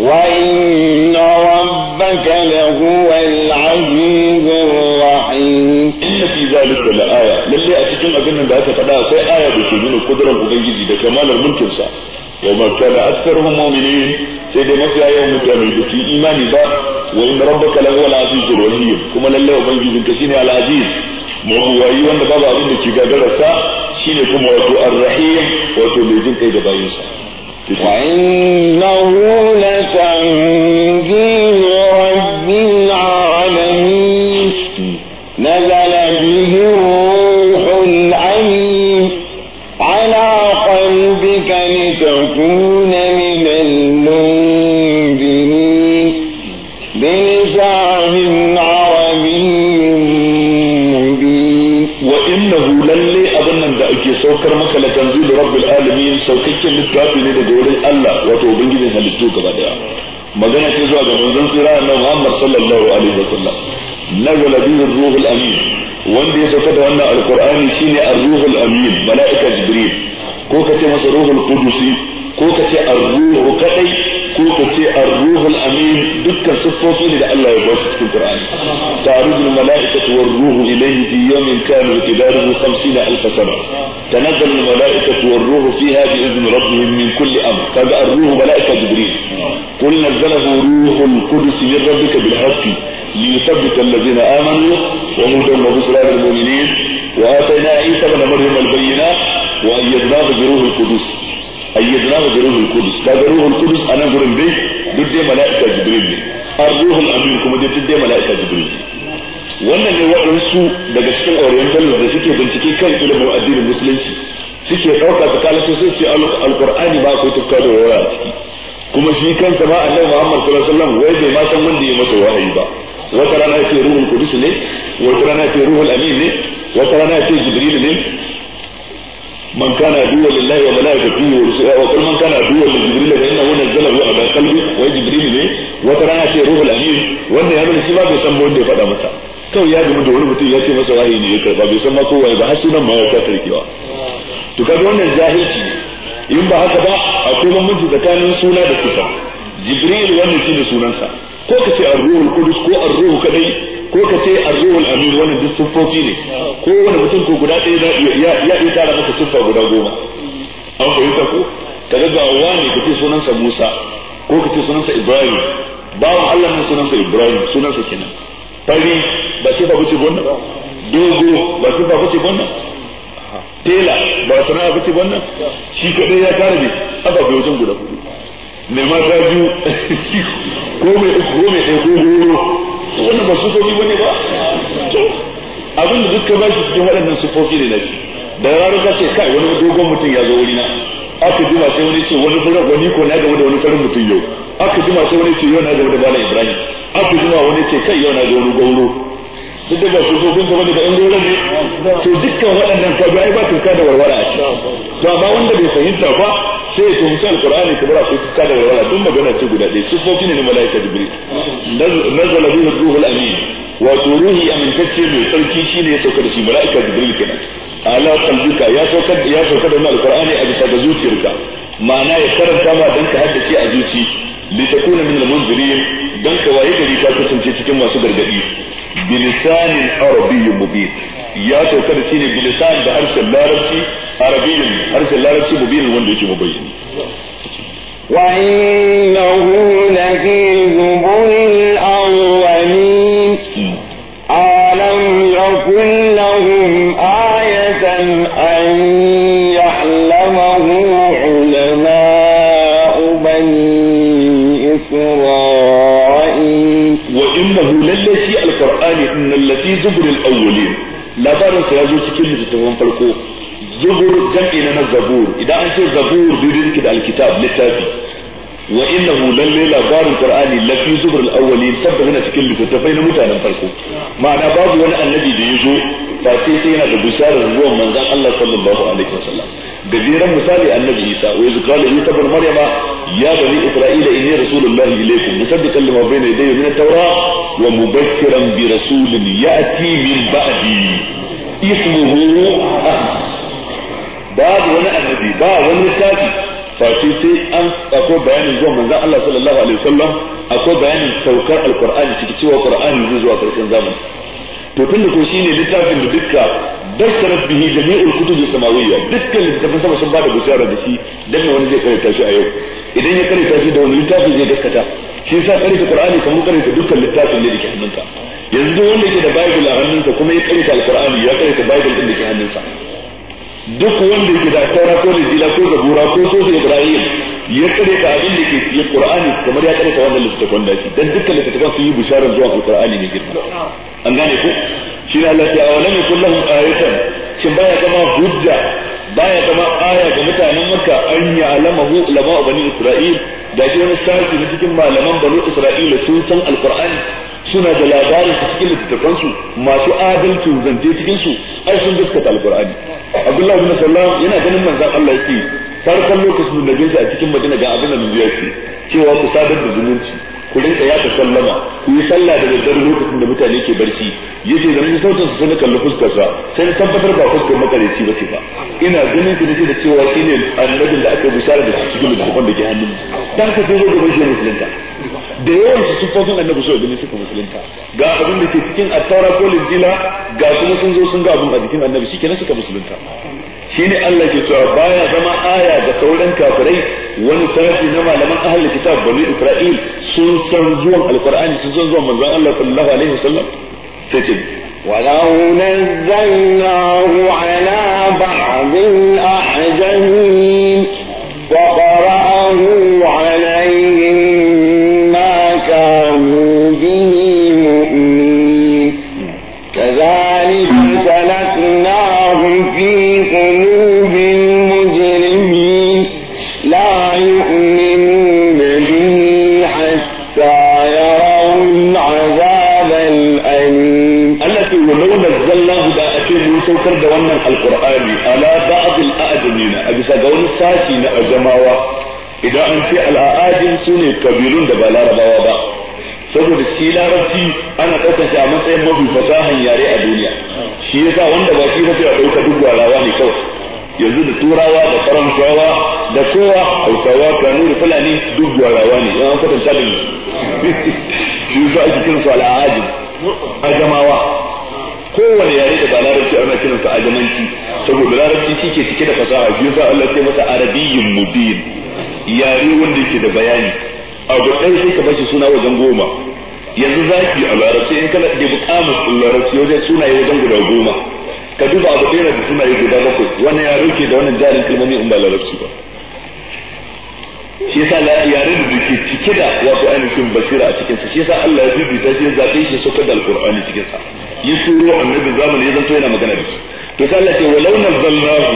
Speaker 1: وإن ربك لهو العزيز الرحيم إن في ذلك لآية للي أتكلم من ذلك فلا في آية بسجون القدرة الأبيجي كمال المنكسة وما كان أكثرهم مؤمنين سيدنا ما في آية مكامل في إيماني wa inna rabbaka lahu al-azizul rahim kuma lalle ubangijin ka shine al-aziz mawuwayi wanda babu abin da ke gagararsa shine kuma wato ar-rahim wato mai jin kai da bayinsa وإنه
Speaker 2: لتنزيل رب العالمين
Speaker 1: saukakken littafi ne daga wurin Allah wato ubangijin halittu gaba daya magana ce zuwa ga manzon tsira na Muhammad sallallahu alaihi wa sallam nazala bihi ruhul amin wanda ya sauka da wannan alqur'ani shine ar-ruhul amin malaika jibril ko kace masa ruhul qudusi ko kace ar-ruhu kadai ko kace ar-ruhul amin dukkan sifofi ne da Allah ya ba su cikin Qur'ani ta'arudul malaikatu war-ruhu ilayhi fi yawmin kana miqdaruhu 50 alf sana تنزل الملائكة والروح فيها بإذن ربهم من كل أمر فجاء الروح ملائكة جبريل قل نزله روح القدس من ربك بالحق ليثبت الذين آمنوا وهدى وبشرى للمؤمنين وآتينا عيسى بن مريم البينات وأيدناه بروح القدس أيدناه بروح القدس هذا روح القدس أنا أقول به ضد ملائكة جبريل الروح الأمين كما ضد ملائكة جبريل wannan ne waɗansu daga cikin orientalists da suke bincike kan ilimin addinin musulunci suke ɗauka su kala su sai ce alƙur'ani ba akwai tufka da waya a ciki kuma shi kansa ma annabi Muhammad sallallahu alaihi wasallam wai bai ma san wanda ya masa wahayi ba wata rana ce ruhul qudus ne wata rana ce ruhul amin ne wata rana ce jibril ne من man عدوا لله وملائكته وكل من كان عدوا لجبريل فانه نزله على قلبه وجبريل ne wata rana ce ruhul amin wanda ya nuna shi ba bai san wanda ya faɗa masa kawai ya gamu da wani mutum ya ce masa wahayi ne ya karba bai san ma kowa ba har sunan ma ya ta karkewa to kaga wannan jahilci in ba haka ba a akwai bambanci tsakanin suna da kusa jibril wannan shi da sunansa ko ka ce ar-ruhul qudus ko ar-ruhu kadai ko ka ce ar-ruhul amin wannan duk sifofi ne ko wani mutum ko guda ɗaya ya ya iya tara maka siffa guda goma an fahimta ko kaga ga wani ka ce sunansa Musa ko ka ce sunansa Ibrahim bawan Allah ne sunansa Ibrahim sunansa kenan fari ba sifa cikin wannan dogo ba sifa cikin wannan tela ba sana'a cikin wannan shi kadai ya kare ne a bai wajen guda hudu mai mata biyu ko mai uku ko mai ɗaya ko goro wannan ba sufofi bane ba abinda dukkan ba shi cikin waɗannan sufofi ne na shi da ya ka ce kai wani dogon mutum ya zo na aka jima sai wani ce wani furar wani ko na gaba da wani farin mutum yau aka jima sai wani ce yau na gaba da bala ibrahim aka jima wani ce kai yau na da wani gauro duk daga su dogon gaba daga yan gora ne to dukkan waɗannan ka ai ba tuka da warwara a ciki to amma wanda bai fahimta ba sai ya tuhumci alqur'ani kamar akwai tuka da warwara duk magana ce guda ɗaya sufofi ne na malaika jibril nazala bihi ruhul amin wato ruhi amintacce mai tsarki shine ya sauka da shi malaika jibril kenan ala qalbika ya sauka ya sauka da alqur'ani a bisa ga zuciyarka ma'ana ya karanta ma dan ka haddace a zuci litakuna min al-munzirin dan ka waye gari ka kasance cikin masu gargadi bilisanin arabiyyin mubin ya saukar da shine bilisan da harshen larabci arabiyyin harshen larabci mubin wanda yake mabayyani wa innahu lafi zuburil awwalin labarin sa ya zo cikin littattafan farko zubur jam'i na zabur idan an ce zabur dudin da alkitab littafi wa innahu lalle labarin qur'ani lafi zubur al-awwalin tabbata cikin littattafai na mutanen farko ma'ana babu wani annabi da ya zo ba sai sai yana da bisharar zuwan manzon Allah sallallahu alaihi wasallam da jiran misali annabi isa wa iz qala isa ibn maryama ya bani isra'ila inni rasulullahi ilaykum musaddiqan lima bayna yadayya min at-taurat wa mubashiran bi rasulin ya'ti min ba'di ismuhu babu wani annabi ba wani littafi Fati sai an akwai bayanin zuwa manzon Allah sallallahu alaihi wasallam akwai bayanin saukar alqur'ani cikin cewa qur'ani zai zuwa karshen zamani to tun da ko shine littafin da dukka basharat bihi jami'ul kutubi samawiyya dukkan littafin sama sun bada bishara da shi dan wani zai karanta shi a yau idan ya karanta shi da wani littafin zai gaskata shi yasa karanta qur'ani kamar karanta dukkan littafin ne da ke hannunka yanzu duk wanda yake da bible a hannunsa kuma ya karanta alqur'ani ya karanta bible din da ke hannunsa duk wanda yake da taura ko da jila ko zabura ko sosai ibrahim ya kare ka abin da ke cikin Qur'ani kamar ya kare ka wannan littafin da shi dan dukkan littafin sun yi bisharar zuwa Qur'ani ne girma an gane ku shi ne Allah ya awalam yakul lahum ayatan shin baya zama hujja baya zama aya ga mutanen Makka an ya alamahu ulama bani Isra'il da ke wani sashi na cikin malaman bani Isra'ila sun san Al-Qur'ani suna da labarin su cikin littattafan su masu adalcin zance cikin su ai sun gaskata Al-Qur'ani Abdullahi bin Sallam yana ganin manzon Allah yake farkon lokacin da gaji a cikin madina ga abin da mun ya ce cewa ku sadar da zumunci ku rinka ya sallama ku yi sallah da daddare lokacin da mutane ke barci yace da mun sautin su sai kalli fuskar sa sai na tabbatar ba fuskar makareci ba ce ba ina ganin ki da cewa shine annabin da aka bishara da shi cikin littafin da ke hannun dan ka zo gaba shi musulunta da yawan su sufofin annabi so ganin suka musulunta ga abin da ke cikin attaura ko linjila ga kuma sun zo sun ga abin a jikin annabi shikenan suka musulunta shine Allah ke cewa baya zama aya ga sauran kafirai wani sarki na malaman ahli kitab bani Isra'il sun san zuwan alqur'ani sun san zuwan manzon Allah sallallahu alaihi wasallam sai ce ولو نزلناه على بعض
Speaker 2: الأعجمين
Speaker 1: saukar da wannan alkur'ani ala ba'd ajamina a bisa ga wani sashi na ajamawa idan an ce al su sune kabilun da ba larabawa ba saboda shi larabci ana ɗaukar shi a matsayin mafi fasahan yare a duniya shi yasa wanda ba shi ba a ɗauka duk warawa ne kawai yanzu da turawa da faransawa da kowa hausawa kanu da fulani duk gwarawa ne yan kwatanta da ni shi za a cikin su al'ajin ajamawa kowane yare da ba larabci ana kiran kiransa ajamanci saboda larabci shi ke cike da fasaha biyu sa Allah ce masa arabiyyin mubin yare wanda yake da bayani abu ɗaya sai ka bashi suna wajen goma yanzu zaki a larabci in kana da bukamu larabci wajen sunaye wajen guda goma ka duba abu ɗaya da sunaye guda bakwai wani yare ke da wannan jarin kalmomi in ba larabci ba shi yasa la yaren da ke cike da wato ainihin basira a cikinsa sa shi yasa Allah ya bibi ta shi zabe shi sokar da alqur'ani cikin sa yi turo annabi zamani ya zanto yana magana da shi to sai Allah ce walau nazzalnahu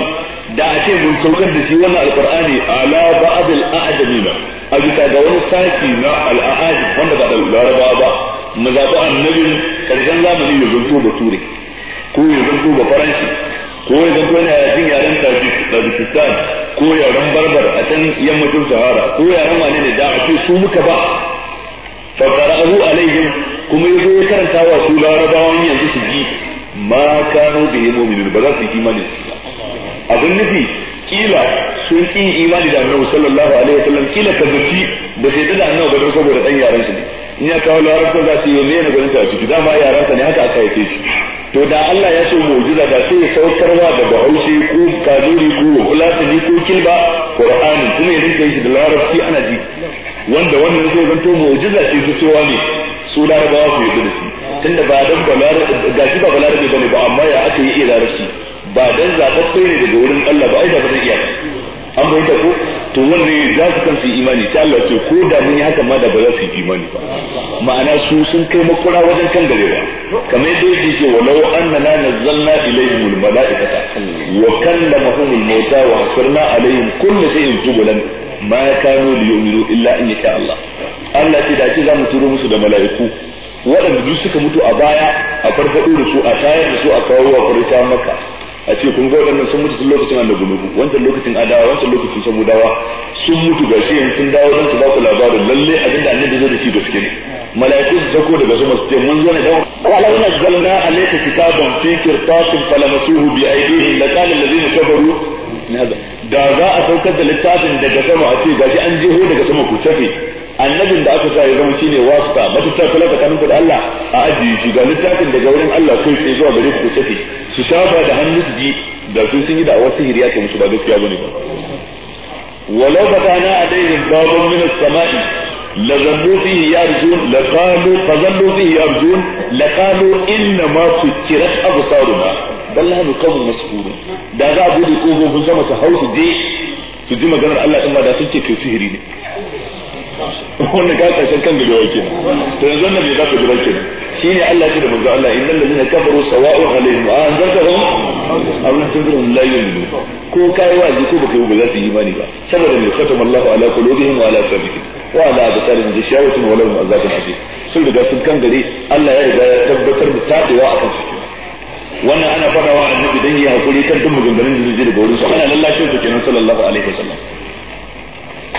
Speaker 1: da a ce mun saukar da shi wannan alqur'ani ala ba'd al-a'jamina a bisa ga wani sashi na al'adu wanda ba da laraba ba mu zabi annabin karshen zamani ya zanto bature ko ya zanto ba faransi ko ya zanto a yakin yaren Tajikistan ko yaren Barbar a can yammacin Sahara ko yaren wane ne da a ce su muka ba fa qara'ahu alaihim kuma yazo ya karanta wa su larabawan yanzu su ji ma kanu ya mu'minin ba za su yi imani su ba abin nufi kila sun yi imani da Annabi sallallahu alaihi wasallam kila ka zaci da sai da Annabi ba saboda dan yaren su ne in ya kawo larabta za su yi na gurin ta ciki dama yaransa ne haka aka haife shi to da Allah ya so mu'jiza da sai saukarwa da Bahaushe ko Kaduri ko Ulatani ko Kilba Qur'ani kuma ya kai shi da larabci ana ji wanda wannan zai zanto mu'jiza ce su cewa ne su larabawa ku yi da shi tunda ba dan balarabe ga shi ba balarabe bane ba amma ya aka yi iya larabci ba dan zaɓaɓɓe ne daga wurin Allah ba ai da ba zai iya an bai ta ko to za su kan imani sai Allah ce ko da mun yi haka ma da ba za su yi imani ba ma'ana su sun kai makura wajen kan garewa kamar yadda yake ce walau annana nazzalna ilayhim almalaikata wa kallamahum almauta wa hasarna alaihim kullu shay'in tubulan ma kanu liyu'minu illa in sha Allah Allah ce da ce za mu turo musu da mala'iku waɗanda duk suka mutu a baya a farfaɗo da su a tayar da su a kawo wa farita maka a ce kun ga waɗannan sun mutu tun lokacin annabi nuhu wancan lokacin adawa wancan lokacin samudawa sun mutu ga shi sun dawo don su ba ku labarin lalle abin da annabi zai da shi gaske ne mala'iku su zako daga sama su ce mun zo ne dan walau nazzalna alayka kitaban fi qirtasin falamasuhu bi aydihim laqala alladhina kafaru da za a saukar da littafin daga sama a ce gashi an jeho daga sama ku tafi annabin da aka sa ya zama shine wasuka matuƙa kula tsakanin ku da Allah a ajiye shi ga littafin daga wurin Allah kai tsaye zuwa gare ku tafi su shafa da hannu su ji da su sun yi da'awar sihiri ya musu ba gaskiya bane ba walau fatana alaihim babun min as-sama'i لظلوا فيه يرجون لقالوا فظلوا فيه يرجون لقالوا انما سكرت ابصارنا بل نحن قوم مسحورون da za a bude kofofin sama su hau su je su ji maganar Allah din ma da sun ce to sihiri ne wannan ka karshen kan gaba yake to yanzu nan bai za ka jira shi ne Allah ya ce da manzo Allah innal ladina kafaru sawa'un alaihim a anzartahum aw lam tunzirhum la yu'minun ko kai wazi ko baka yi ba za su yi imani ba saboda mai khatama Allahu ala qulubihim wa ala sam'ihim wa ala absarihim ghishawatun wa lahum azabun adid sun riga sun kan gare Allah ya riga ya tabbatar da tabewa akan su wannan ana fadawa annabi dan yi hakuri kan dukkan maganganun da zai daga wurin sa ana lallashin su kenan sallallahu alaihi wasallam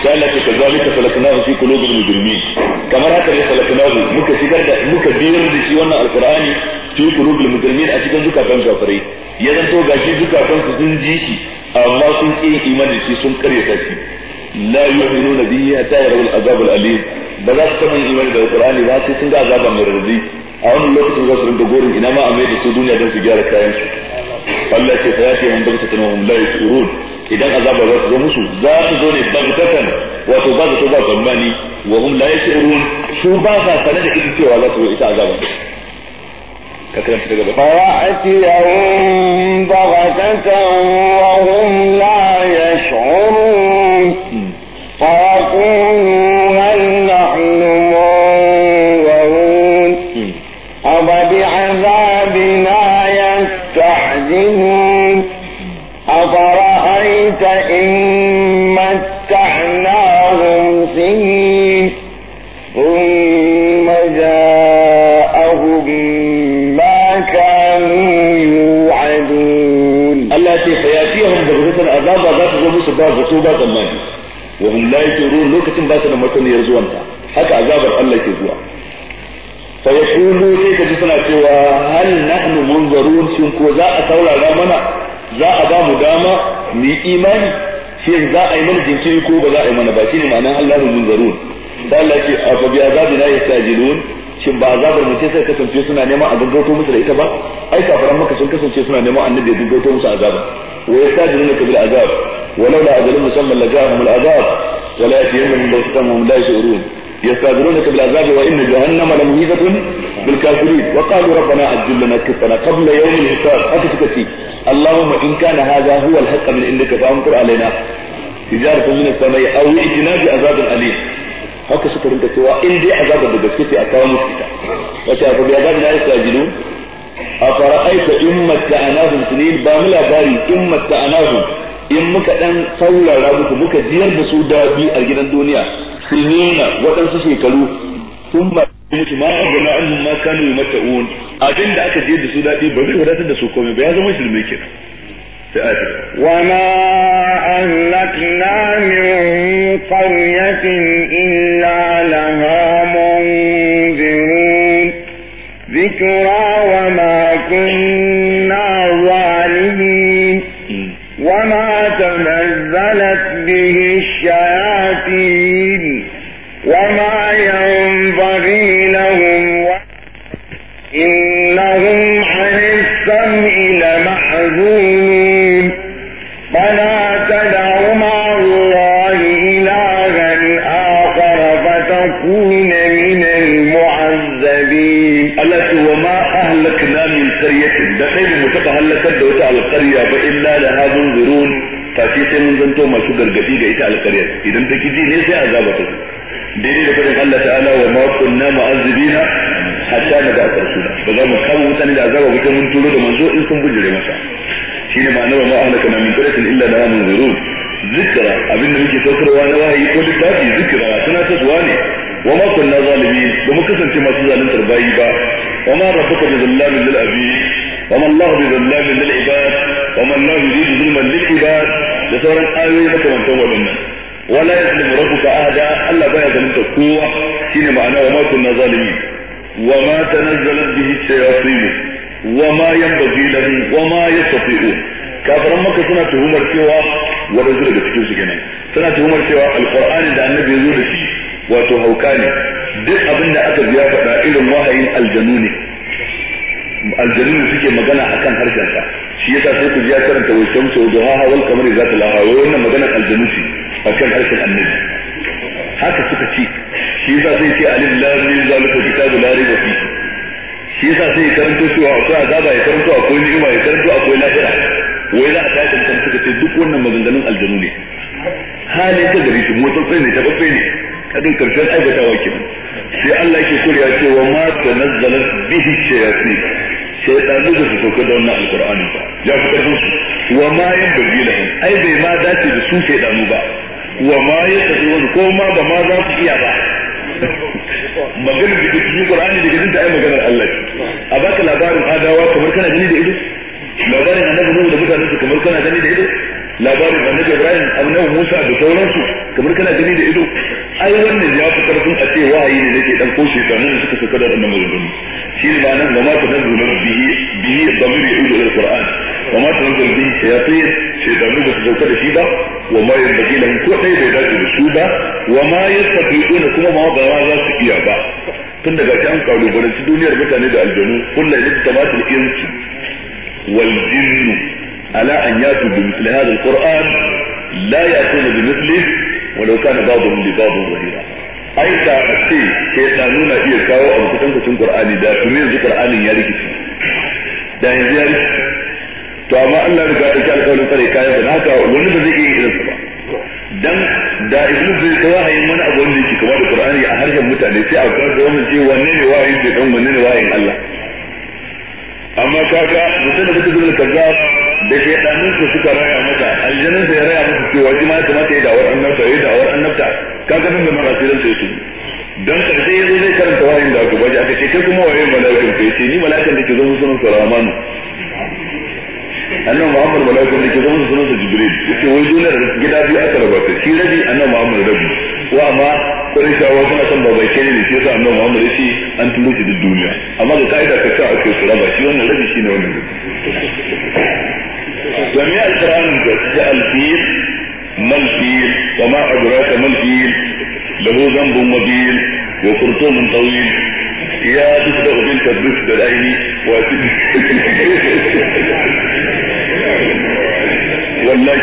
Speaker 1: sai Allah ta kazalika salaknahu fi qulubil mujrimin kamar haka ne salaknahu muka biyar da shi wannan al'kur'ani fi qulubil mujrimin a cikin zukatan kafirai ya zanto gashi zukatan su sun ji shi amma sun ki imani shi sun kare ta shi la yu'minuna bihi hatta yarawul azab al ba za su taɓa yin imani da alqur'ani ba sai sun ga azaba mai radadi a wannan lokacin za su rinka gorin ina ma a su duniya don su gyara kayansu. Allah ce sayati man bagta tan hum la yashurun idan azaba za su zo musu za ta zo ne bagtatan wato ba ta ba tsammani wa hum la yashurun su ba sa sanar da ita cewa za su zo ita azaba ka karanta daga ba su ba zato ba tsammani wa hum la yakuru lokacin ba su da masaniyar zuwanta haka azabar Allah ke zuwa fa yaqulu sai kaji suna cewa hal nahnu munzarun shin ko za a saurara mana za a ba mu dama mu imani shin za a yi mana jinkiri ko ba za a yi mana ba shine ma'anar Allah munzarun da Allah ce a fa bi azabina yastajilun shin ba azabar mu sai kasance suna neman a gaggauto musu da ita ba ai kafaran maka sun kasance suna neman annabi ya gaggauto musu azaba wa yastajiluna bil azab ولولا أجل مسمى لجاءهم العذاب ولا يأتيهم بغتهم لا يشعرون يستأذنونك بالعذاب وإن جهنم لميته بالكافرين وقالوا ربنا أجل لنا كفنا قبل يوم الحساب أكتكتي اللهم إن كان هذا هو الحق من عندك فأنكر علينا تجارة من السماء أو ائتنا بعذاب أليم haka suka انت سوى ان dai azabar da gaske ce a kawo musu لا يستعجلون افرأيت da azabar da ya sajidu a fara'aita in muka dan saurara muku muka jiyar da su da bi a gidan duniya su nuna waɗansu shekaru sun ma mutu ma abu na annun ma kanu yi mata uwan abin da aka jiyar da su daɗi ba zai wadatar da su komai ba ya zama shirme kenan وما
Speaker 2: أهلكنا من قرية إلا لها منذرون ذكرى وما كنا كانت به الشياطين وما
Speaker 1: face sai mun zanto masu gargadi ga ita alƙaryar idan ta kiji ne sai azaba ta daidai da fadin Allah ta'ala wa ma kunna mu'azzibina hatta na da rasula ba za mu kama mutane da azaba ba mun turo da manzo in sun bujire masa shine ma'anar ma ahlaka min quratin illa da la munzirun abin da muke saukarwa na wahayi ko littafi suna ta zuwa ne wa ma kunna zalimin ba mu kasance masu zaluntar bayi ba wa ma rabbuka bi zallamin lil abid وما الله بظلام للعباد وما الله يريد ظلما للعباد da sauran ayoyi makamantan waɗannan wala yazlimu rabbuka ahada Allah baya zalunta kowa shine ma'ana wa ma kunna zalimin wa ma tanazzalat bihi shayatin wa ma yanbaghi lahum wa ma yastati'un kafiran maka suna tuhumar cewa waɗansu daga cikin su kenan suna tuhumar cewa alqur'ani da annabi ya zo da shi wato hauka ne duk abin da aka biya faɗa irin wahayin aljanu ne aljanu suke magana akan harshen sa shi yasa sai ku ya karanta wa shamsu wa duhaha wal qamari zata laha wa wannan maganar aljanu a kan harshen annabi haka suka ce shi yasa sai ce alif lam mim zalika kitabu la raiba fi shi yasa sai karanto cewa akwai azaba ya karanto akwai ni'ima ya karanto akwai lahira wai za a tashi kan suka ce duk wannan maganganun aljanu ne hali ta gari shi motsatsi ne tabbatsai ne kadin karshen aikatawa kenan sai Allah yake kuriya cewa ma tanazzalat bihi shayatin sai ɗalu da su sauka da wannan alƙur'anin ba ya fi ƙarfin su wa ma yin babi da ai bai ma dace da su sai ɗalu ba wa ma yin tafi wani ko ma ba ma za su iya ba maganar da cikin ƙur'ani da gidanta ai maganar Allah a baka labarin adawa kamar kana gani da ido labarin annabi nuhu da mutanen su kamar kana gani da ido labarin annabi ibrahim annabi musa da sauransu kamar kana gani da ido ai wannan ya fi karfin a ce wahayi ne nake dan koshe kamun da suka suka da annabi maganganu shi ne ma'anar da ma ta nan zunar bihi bihi da mure ido da qur'an wa ma ta nan zunar bihi shayatin shaytanu ba su sauka da shi ba wa ma yanbaghi lahum ko dai bai dace da su ba wa ma yastati'una kuma ma ba za su iya ba tun daga can kalubalanci duniyar mutane da aljanu kullu yadda tamatul insu wal jinnu على أن يأتوا بمثل هذا القرآن لا يأتون بمثله ولو كان بعضهم لبعض ظهيرا أي تأتي a ce ke na iya kawo abu kusan kusan qur'ani da tuni yanzu qur'anin ya rikici da yanzu ya rikici to amma Allah ya zai iya ba dan da ibnu zai ta wani abu wanda yake kamar da qur'ani a harshen mutane sai a kawo wannan ce wanne ne wahayin da dan wanne ne wahayin Allah amma kaga mutane da suke da kaza da shaidanin su suka raya masa aljanin sa ya raya masa cewa shi ma ya kamata ya dawar annabta ya dawar annabta kaga nan da mara asirin sai su dan karshe ya zai karanta wahayin da aka baje aka ce kai kuma waye mala'ikan kai ce ni mala'ikan da ke zama sunan sa rahmanu annabi muhammad mala'ikan da ke zama sunan sa jibril yace wai duniyar gida biyu aka raba ta shi rabi annabi muhammad rabi ko amma Qurayshawa suna son babai kai ne sai annabi Muhammad ya an tulo shi duk duniya amma da kaida ka ce ake su raba shi wannan rabi shi ne wannan جميع القرآن سأل فيه ما الفيل وما أدراك ما الفيل له ذنب مبين وخرطوم طويل يا تصدق بنت الرشد العيني والله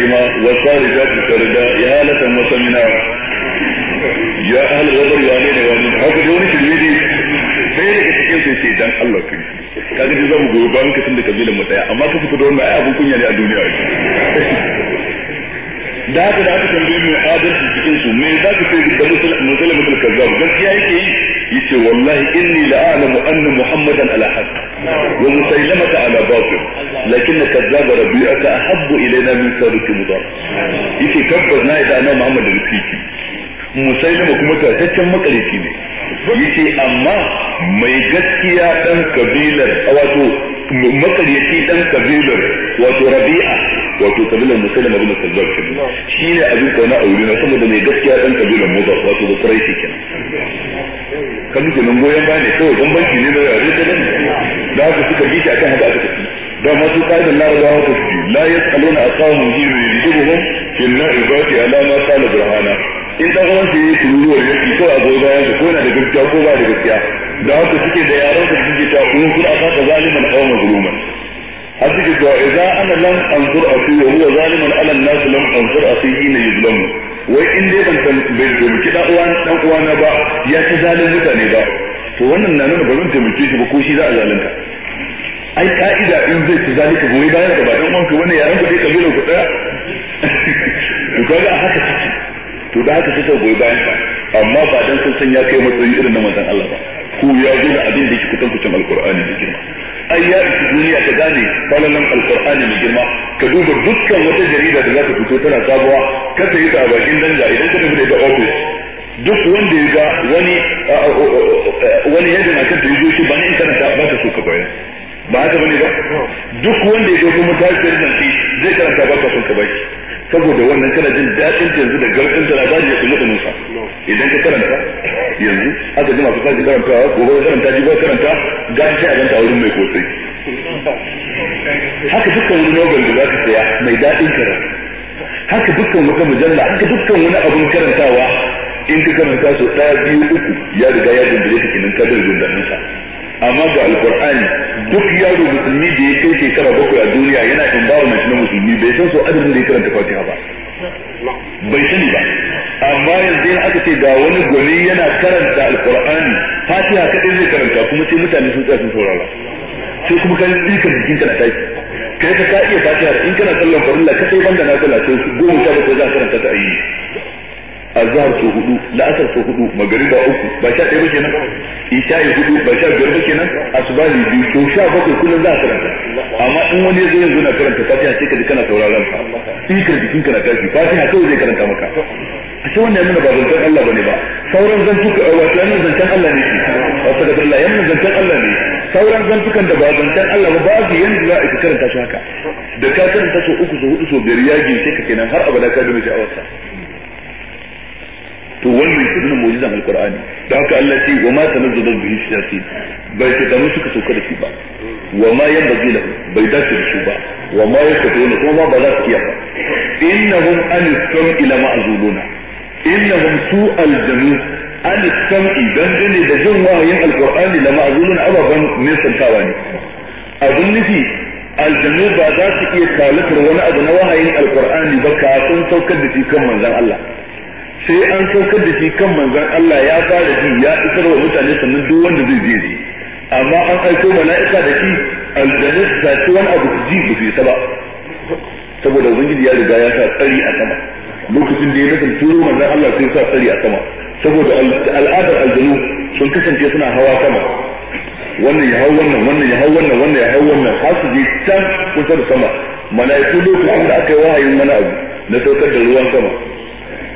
Speaker 1: كما وصار ذات الكرداء يا هالة وسمناء يا أهل الغدر يا ومن حفظ في الويدي ɗaya daga cikin sai ce dan Allah ka ji kaga dai zamu goyi bayan ka tun da kabilan mu daya amma ka fito da wannan ai abun kunya ne a duniya da haka da aka tambaye mu adalci cikin su me za ka ce da musulmi da kazzab gaskiya yake yi yace wallahi inni la'alamu anna muhammadan ala haqq wa musaylamata ala batil lakin kazzab rabi'aka ahabbu ilayna min sadiki mudar yace tabbas na da annabi muhammad da gaskiya musailama kuma tataccen makarici amma mai gaskiya dan kabilar wato makaryaci ɗan kabilar wato rabi'a wato kabilar musulma bin sabbab shi ne abin kauna a wurina saboda mai gaskiya dan kabilar mudar wato da kurai kenan kan ke nan goyon bane kawai bambanci ne da yare da nan da haka suka bi shi akan haka aka tafi da masu ƙa'idar larabawa ta su la yas'aluna aqamu hiru yujibuhum fil na'ibati ala ma qala burhana in ɗan dan wanda yi ruwa yaki, kawai a goyon bayan ko yana da gaskiya ko ba da gaskiya da haka suke da yaran da suke ta in kun aka ta zaliman aw mazluman har suke ta idza ana an anzur a fiye huwa zaliman lan an-nas a fiye na hina wai in dai ban san bai taimaki ɗan uwana ba ya ta zalin mutane ba to wannan na nuna ba zan taimake shi ba ko shi za a ka. ai ka'ida in zai ci zalika goyi bayan da ba dan uwanka wani yaran ku dai kabilar ku ɗaya. to ga a haka to da haka suka goyi bayan amma ba dan sun san ya kai matsayi irin na mazan Allah ba ku ya zo da abin da kusan kucin alkur'ani da girma ai ya isa duniya ta gane falalan alkur'ani mai girma ka duba dukkan wata jarida da za ta fito tana sabuwa ka sayi ta a bakin danja idan ka tafi da ita ofis duk wanda ya ga wani wani yadda na kan tarihi shi ba na intanet ba ta so ka bayar ba haka bane ba duk wanda ya ga kuma ta shirin nan zai karanta ba ka son ka bayar saboda wannan kana jin daɗin yanzu da garɗin na ba ya kula da nufa idan ka karanta yanzu aka ji masu karanta ko gobe karanta ji ba karanta ga shi a ganta wurin mai kosai haka dukkan wani nobel da za ka saya mai daɗin karanta haka dukkan wata mujalla haka dukkan wani abin karantawa in ka karanta so ɗaya biyu uku ya riga ya dindire ka kenan kadar gundaninsa amma ga alkur'ani duk yaro musulmi da ya kai shekara bakwai a duniya yana in environment na musulmi bai san so adadin da ya karanta fatiha ba bai sani ba amma yanzu in aka ce ga wani gwani yana karanta alkur'ani fatiha kaɗai zai karanta kuma sai mutane sun tsaya sun saurara sai kuma kan dukkan jikin ka na tashi kai ka ka iya fatiha in kana sallan farilla ka sai banda na sallah sai goma sha bakwai za a karanta ta ayi azhar so hudu la'asar so hudu magariba uku ba sha ɗaya ba kenan isha'i hudu ba sha biyar ba kenan asubali biyu to sha bakwai kullum za a karanta amma in wani ya zo yanzu na karanta fatiha sai ka ji kana sauraron ka sikar jikin kana tashi fatiha kawai zai karanta maka ashe wannan ya nuna ba zancen Allah bane ba sauran zantuka eh, wato yana zancen Allah ne ke wasu da Allah yana zancen Allah ne sauran zantukan da ba zancen Allah ba babu yanda za a karanta shi haka da ka karanta so uku so hudu so biyar ya gimshe ka kenan har abada ka dume shi a wasa to wannan sunan mu'jizan alqur'ani da haka Allah ce wa ma tanazzalu bihi shayatin bai ta damu suka sauka da shi ba wa ma yanbaghi lahu bai dace da shi ba wa ma yakutuna kuma ba za su iya ba innahum an sam'i lama azuluna innahum su'al jamu an sam'i da jin wahayin alqur'ani ababan ne abun nufi aljanu ba za su iya talatar wani abu na wahayin alkur'ani ba kafin saukar da shi kan manzon Allah sai an saukar da shi kan manzan Allah ya fara ji ya isar wa mutane sannan duk wanda zai je ji amma an aiko mala'ika da shi aljanu su saci wani abu su ji ba su isa ba saboda ubangiji ya riga ya sa tsari a sama lokacin da ya nufin turo manzan Allah sai sa tsari a sama saboda al'adar aljanu sun kasance suna hawa sama wannan ya hau wannan wannan ya hau wannan wannan ya hau wannan har su je can kusa da sama mala'iku lokacin da aka yi wahayin mana abu na saukar da ruwan sama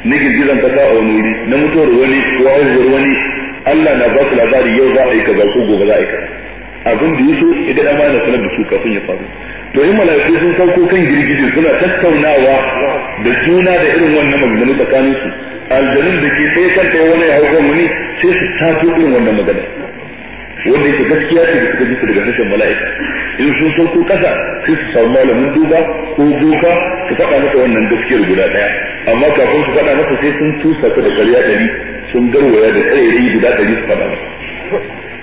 Speaker 1: na girgizan kasa a wani wuri na mutuwar wani ko haihuwar wani Allah na ba su labari yau za a yi kaza ko gobe za a yi kaza abin da yaso idan amma na sanar da su kafin ya faru to in mala'iku sun sauko kan girgiza suna tattaunawa da juna da irin wannan maganganu tsakanin su aljanun da ke sai kan ta wani hau kan wani sai su tafi irin wannan magana wanda yake gaskiya ce da suka ji daga harshen mala'ika in sun sauko kasa sai su samu malamin duba ko doka su faɗa maka wannan gaskiyar guda ɗaya amma kafin su faɗa masa sai sun tusa ka da ƙarya ɗari sun garwaya da yi guda ɗari su faɗa masa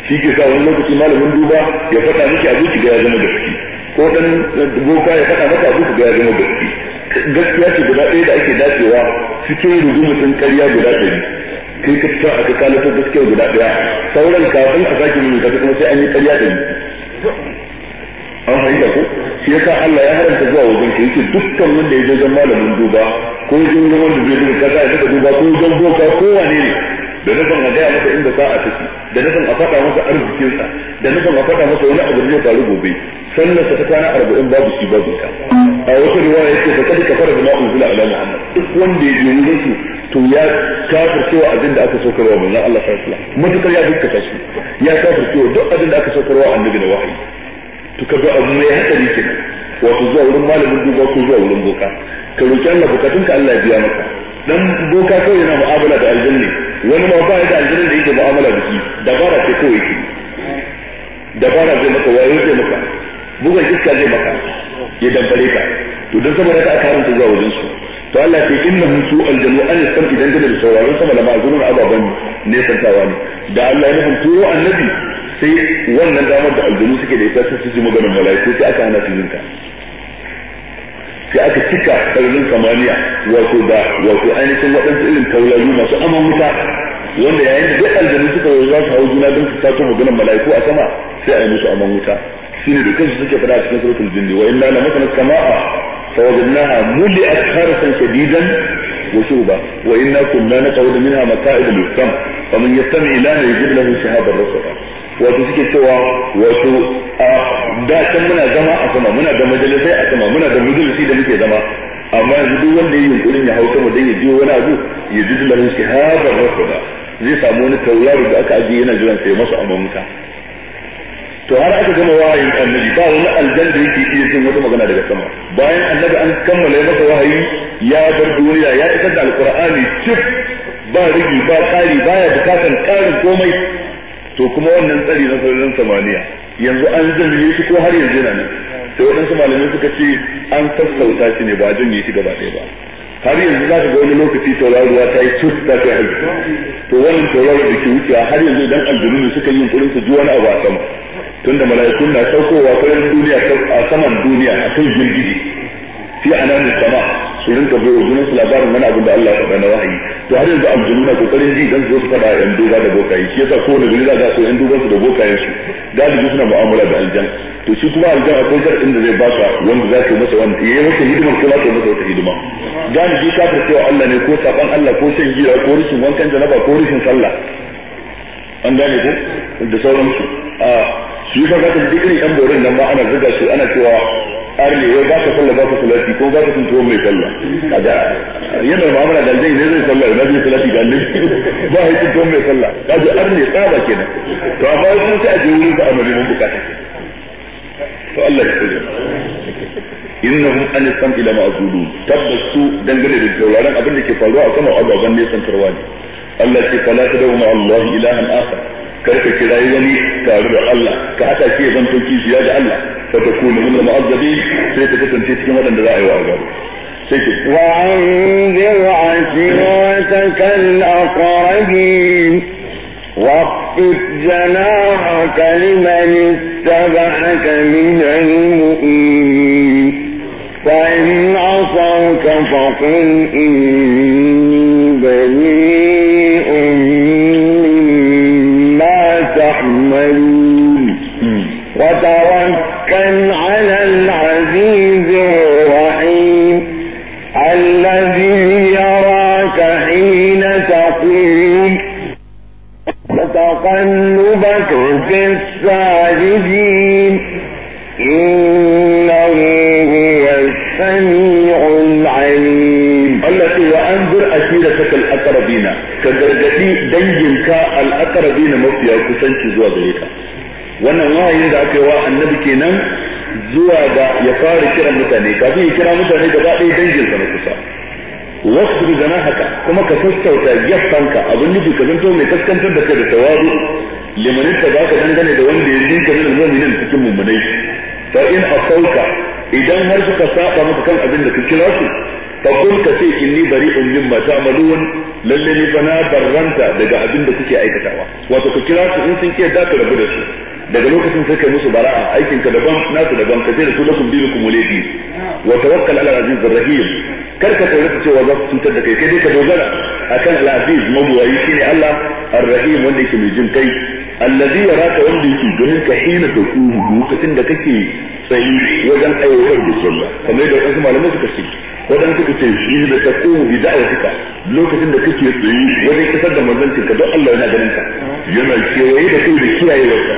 Speaker 1: shi ke sa wani lokaci malamin duba ya faɗa miki abu ki ga ya zama gaske ko dan boka ya faɗa masa abu ki ga ya zama gaske gaskiya ce guda ɗaya da ake dacewa cikin rugumutun ƙarya guda ɗari kai ka fita ka kalatar gaskiya guda ɗaya sauran kafin a sake yin kuma sai an yi ƙarya ɗari an fahimta ko shi yasa Allah ya haramta zuwa wajen ka yace dukkan wanda ya je wajen malamin duba ko ya je wajen wanda zai duba kaza ya duba ko wajen boka ko wane ne da nufin a gaya masa inda a take da nufin a faɗa masa sa. da nufin a faɗa masa wani abu da zai faru gobe sannan ta kwana arba'in babu shi babu ta a wata riwaya yake ta kada kafara da ma'un zula ala muhammad duk wanda ya je wurin su to ya kafir cewa abin da aka saukar wa manzon Allah sallallahu alaihi wasallam mutakar ya dukkata shi ya kafir cewa duk abin da aka saukar wa annabi da wahayi to kaga abu mai hatsari kenan wato zuwa wurin malamin duba ko zuwa wurin boka ka roki Allah bukatun ka Allah ya biya maka dan boka kawai yana mu'amala da aljanna wani ma ba da aljanna da yake mu'amala da shi dabara ce kawai ke dabara zai maka wayo zai maka buga iska zai maka ya dambare ka to dan saboda haka aka haramta zuwa wajen su to Allah ce innahum su aljannu an idan da sauraron sama da ma'azurun ababan ne santawa ne da Allah ya nufin turo annabi sai wannan damar da aljanu suke da ita sai su maganar mala'iku sai aka hana su yin sai aka cika sararin samaniya wato da wato ainihin waɗansu irin taurari masu aman wuta wanda yayin da duk aljanu suka zo za su hau juna don su tato maganar mala'iku a sama sai a yi musu aman wuta shine da kansu suke fada a cikin suratul jinni wa inna la matana samaa fa wajadnaha muli'at harsan shadidan wa shuba wa inna kunna naqawdu minha maqa'ida lis-sam faman yastami' lana yajid lahu shihaban rasada wato suke cewa wato a da can muna zama a sama muna da majalisai a sama muna da majalisi da muke zama amma yanzu duk wanda ya yi yunkurin ya hau sama dan ya ji wani abu ya ji dalarin shahabar rakuda zai samu wani tauraro da aka ajiye yana jiran sai masa amma muta to har aka gama wahayin annabi ba wani aljan da yake iya jin wata magana daga sama bayan annabi an kammala masa wahayi ya bar duniya ya isar da alqur'ani cif ba rigi ba ƙari baya bukatan ƙarin komai to kuma wannan tsari na sauran samaniya yanzu an janye shi ko har yanzu yana nan sai waɗansu malamai suka ce an sassauta shi ne ba a janye shi gaba ɗaya ba har yanzu za ka ga wani lokaci tauraruwa ta yi tut ta kai haihu to wannan tauraruwa da ke wucewa har yanzu idan aljanu ne suka yi yunkurin su ji wani abu a sama tunda mala'ikun na saukowa farin duniya a saman duniya a kan jirgin fi nan sama su rinka bai wa junan su labarin wani abin da Allah ya faɗa na wahayi to har yanzu abdul na kokarin ji dan zo su faɗa yan duba da bokaye shi yasa kowane gari za ga so yan duban su da bokayen su galibi suna mu'amala da aljan to shi kuma aljan akwai jarin da zai baka wanda za ka yi masa wanda yayi masa hidima ko za ka yi masa wata hidima galibi kafir cewa Allah ne ko saban Allah ko shan giya ko rishin wankan janaba ko rishin sallah an gane ko da sauransu a shi yasa za ka ji irin yan borin nan ma ana zuga su ana cewa arne wai ba ka sallah ba ka salati ko ba ka sun tuwon mai sallah kaga yana mu'amala da aljai ne zai sallah da zai salati da aljai ba ya sun tuwon mai sallah kaga arne tsaba kenan to amma wasu sai a je wurin ka amari mun bukata to Allah ya tsare innahum an sam'i lama azulun tabbas su dangane da tauraron abin da ke faruwa a sama ababen nesantarwa ne Allah ke fala tadu ma Allah ilahan akhar kar ka kirayi wani tare da Allah ka haɗa shi zan to kishiya da Allah fa ta kuna min al-mu'azzabi sai ka kasance cikin waɗanda za a yi wa azabi sai ki
Speaker 2: wa'anzir ashiratuka al-aqrabin واخفض جناحك لمن اتبعك من المؤمنين فإن عصوك فقل إن
Speaker 1: alaqrabina ka gargaɗi danginka alaqrabina mafiya kusanci zuwa gare ka wannan wahayin da aka yi wa annabi kenan zuwa ga ya fara kira mutane kafin ya kira mutane gaba ɗaya danginsa na kusa wasbir haka kuma ka sassauta geffanka abin nufi ka zanto mai kaskantar da kai da tawadu liman tabaka dangane da wanda ya jinka min mu'minin cikin mummunai fa in asauka idan har suka saba maka kan abin da ka kira su fa kun ka ce inni bari'un mimma ta'malun lalle ni fa na barranta daga abin da kuke aikatawa wato ku kira su in sun ke da ka rabu da su daga lokacin sai kai musu bara'a aikin ka daban su daban ka sai da su lakum dinukum walidi wa tawakkal ala aziz rahim kar ka tare cewa za su cutar da kai kai dai ka dogara akan al-aziz mabuwayi shine Allah ar wanda yake mai jin kai alladhi yaraka wanda yake ganin ka hina taqumu lokacin da kake sai wajen aiwatar da sunna kamar yadda wasu malamai suka ce wajen suka ce shi da ta kuma bi da'awatika lokacin da kake tsayi wajen kasar da ka don Allah yana ganin ka yana kewaye da kai da kiyayewarka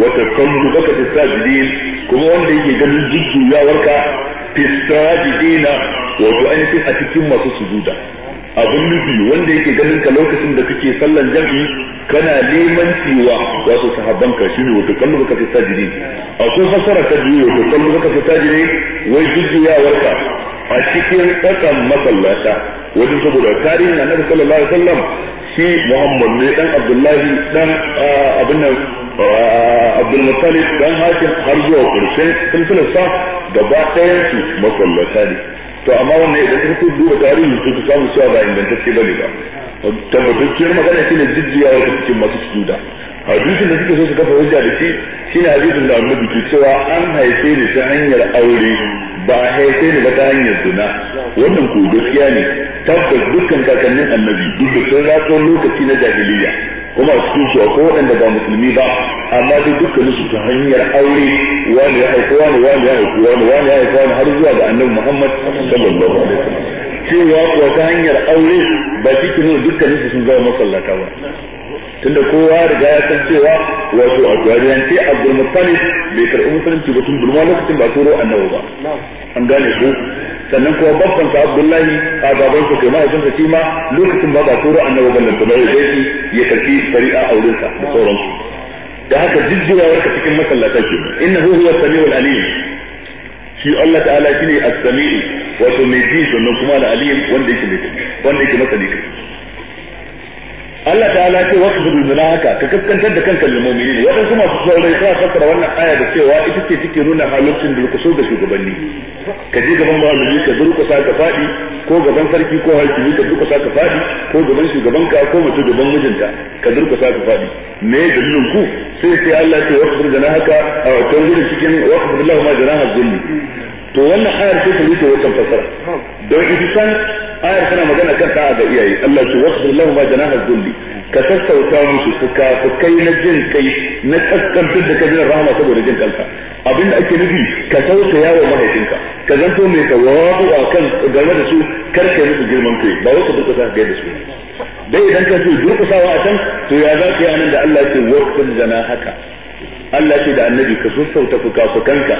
Speaker 1: wata kallu baka ta sajidin kuma wanda yake ganin jujjuyawarka fi sajidina wato ainihin a cikin masu sujuda abin nufi wanda yake ganin ka lokacin da kake sallan jam'i kana neman cewa wato sahabban ka shine wato kallu ka ta tajiri. a akwai fasara ta biyu wato kallu ka ta tajiri wai ya ka a cikin tsakan masallata wajen saboda tarihin annabi sallallahu alaihi wasallam shi Muhammad ne dan Abdullahi dan ah, abin nan ah, Abdul Muttalib dan Hashim har zuwa ƙarshen silsilar sa gaba ɗayan su masallata ne to amma wannan idan ka fito duba tarihi to ka samu cewa ba ingantacce bane ba tabbatacciyar magana shine jijjiya wata cikin masu sujuda hadisin da suke so su kafa hujja da shi shine hadisin da annabi ke cewa an haife ni ta hanyar aure ba a haife ni ba ta hanyar zina wannan ko gaskiya ne tabbas dukkan kakannin annabi duk da sun rato lokaci na jahiliya kuma a cikin shi akwai waɗanda ba musulmi ba amma dai dukkanin su ta hanyar aure wani ya haifi wani wani ya haifi wani wani ya haifi wani har zuwa ga annabi Muhammad sallallahu alaihi wasallam cewa kuwa ta hanyar aure ba cikin dukkanin su sun zama masallata ba tunda kowa riga ya san cewa wato a jariyance Abdul Muttalib bai karɓi musulunci ba tun bulma lokacin ba turo annabi ba an gane ko sannan kuma babban sa Abdullahi a gaban sa kai mahaifin sa shi ma lokacin ba ba turo annabi ballan ta bai dai shi ya karfi shari'a a wurin sa da sauransu da haka jijjirawar ka cikin masallata ke innahu huwa samiul alim shi Allah ta'ala shine as-sami'u wato mai ji sannan kuma al-alim wanda yake mai wanda yake masani Allah ala ce wasu zubin zina haka ka kaskantar da kanka lil mu'minin waɗansu masu saurayi suna fassara wannan aya da cewa ita ce take nuna halaccin durkuso da shugabanni ka je gaban malami ka durkusa ka faɗi ko gaban sarki ko hakimi ka durkusa ka faɗi ko gaban shugaban ka ko mace gaban mijinta ka durkusa ka faɗi me dalilin ku sai sai Allah ce wasu zubin zina haka a wajen gudun cikin wasu zubin lahu ma jana hazzulli to wannan ayar sai ta wuce wancan fassara don ita ayar tana magana kan ta'a ga iyaye Allah su wasu lahu ma janaha dhulli ka sassauta musu fuka fukai na jin kai na kaskantar da kabilar rahama saboda jin kanka abinda ake nufi ka tausaya wa mahaifinka ka zanto mai tawadu a kan game da su kar ka musu girman kai ba wai ka duka sa ga da su dai idan ka ce durkusawa a can to ya za ka yi anan da Allah ke wasu zana haka Allah ce da annabi ka sassauta fuka-fukanka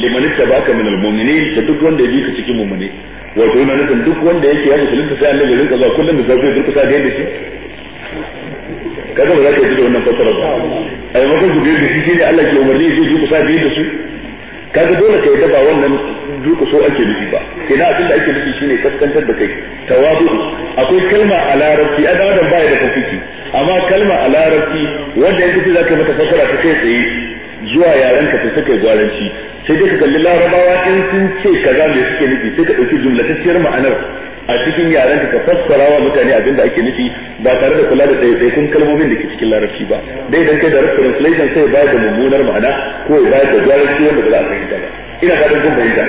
Speaker 1: liman baka min al da duk wanda ya bi ka cikin mu'mini wato yana nufin duk wanda yake ya ta sai annabi rinka zuwa kullum da zafi durkusa da yadda shi kaga ba za ka yi da wannan fasarar ba a yi makon biyu da shi ne Allah ke umarni ya ce durkusa da yadda su kaga dole ka yi dafa wannan durkuso ake nufi ba kina abin da ake nufi shine kaskantar da kai tawadu akwai kalma a larabci adam ba baya da tafiki amma kalma a larabci wanda yanzu za ka mata fasara ta kai tsaye zuwa yaren ka sai kai gwaranci sai dai ka kalli larabawa in sun ce kaza me suke nufi sai ka dauki jumlatacciyar ma'anar a cikin yaren ka fassara wa mutane abin da ake nufi ba tare da kula da ɗaiɗaikun kalmomin da ke cikin larabci ba dai idan kai da translation sai ba da mummunar ma'ana ko ba da gwaranci wanda ba za a fahimta ba ina fatan kun fahimta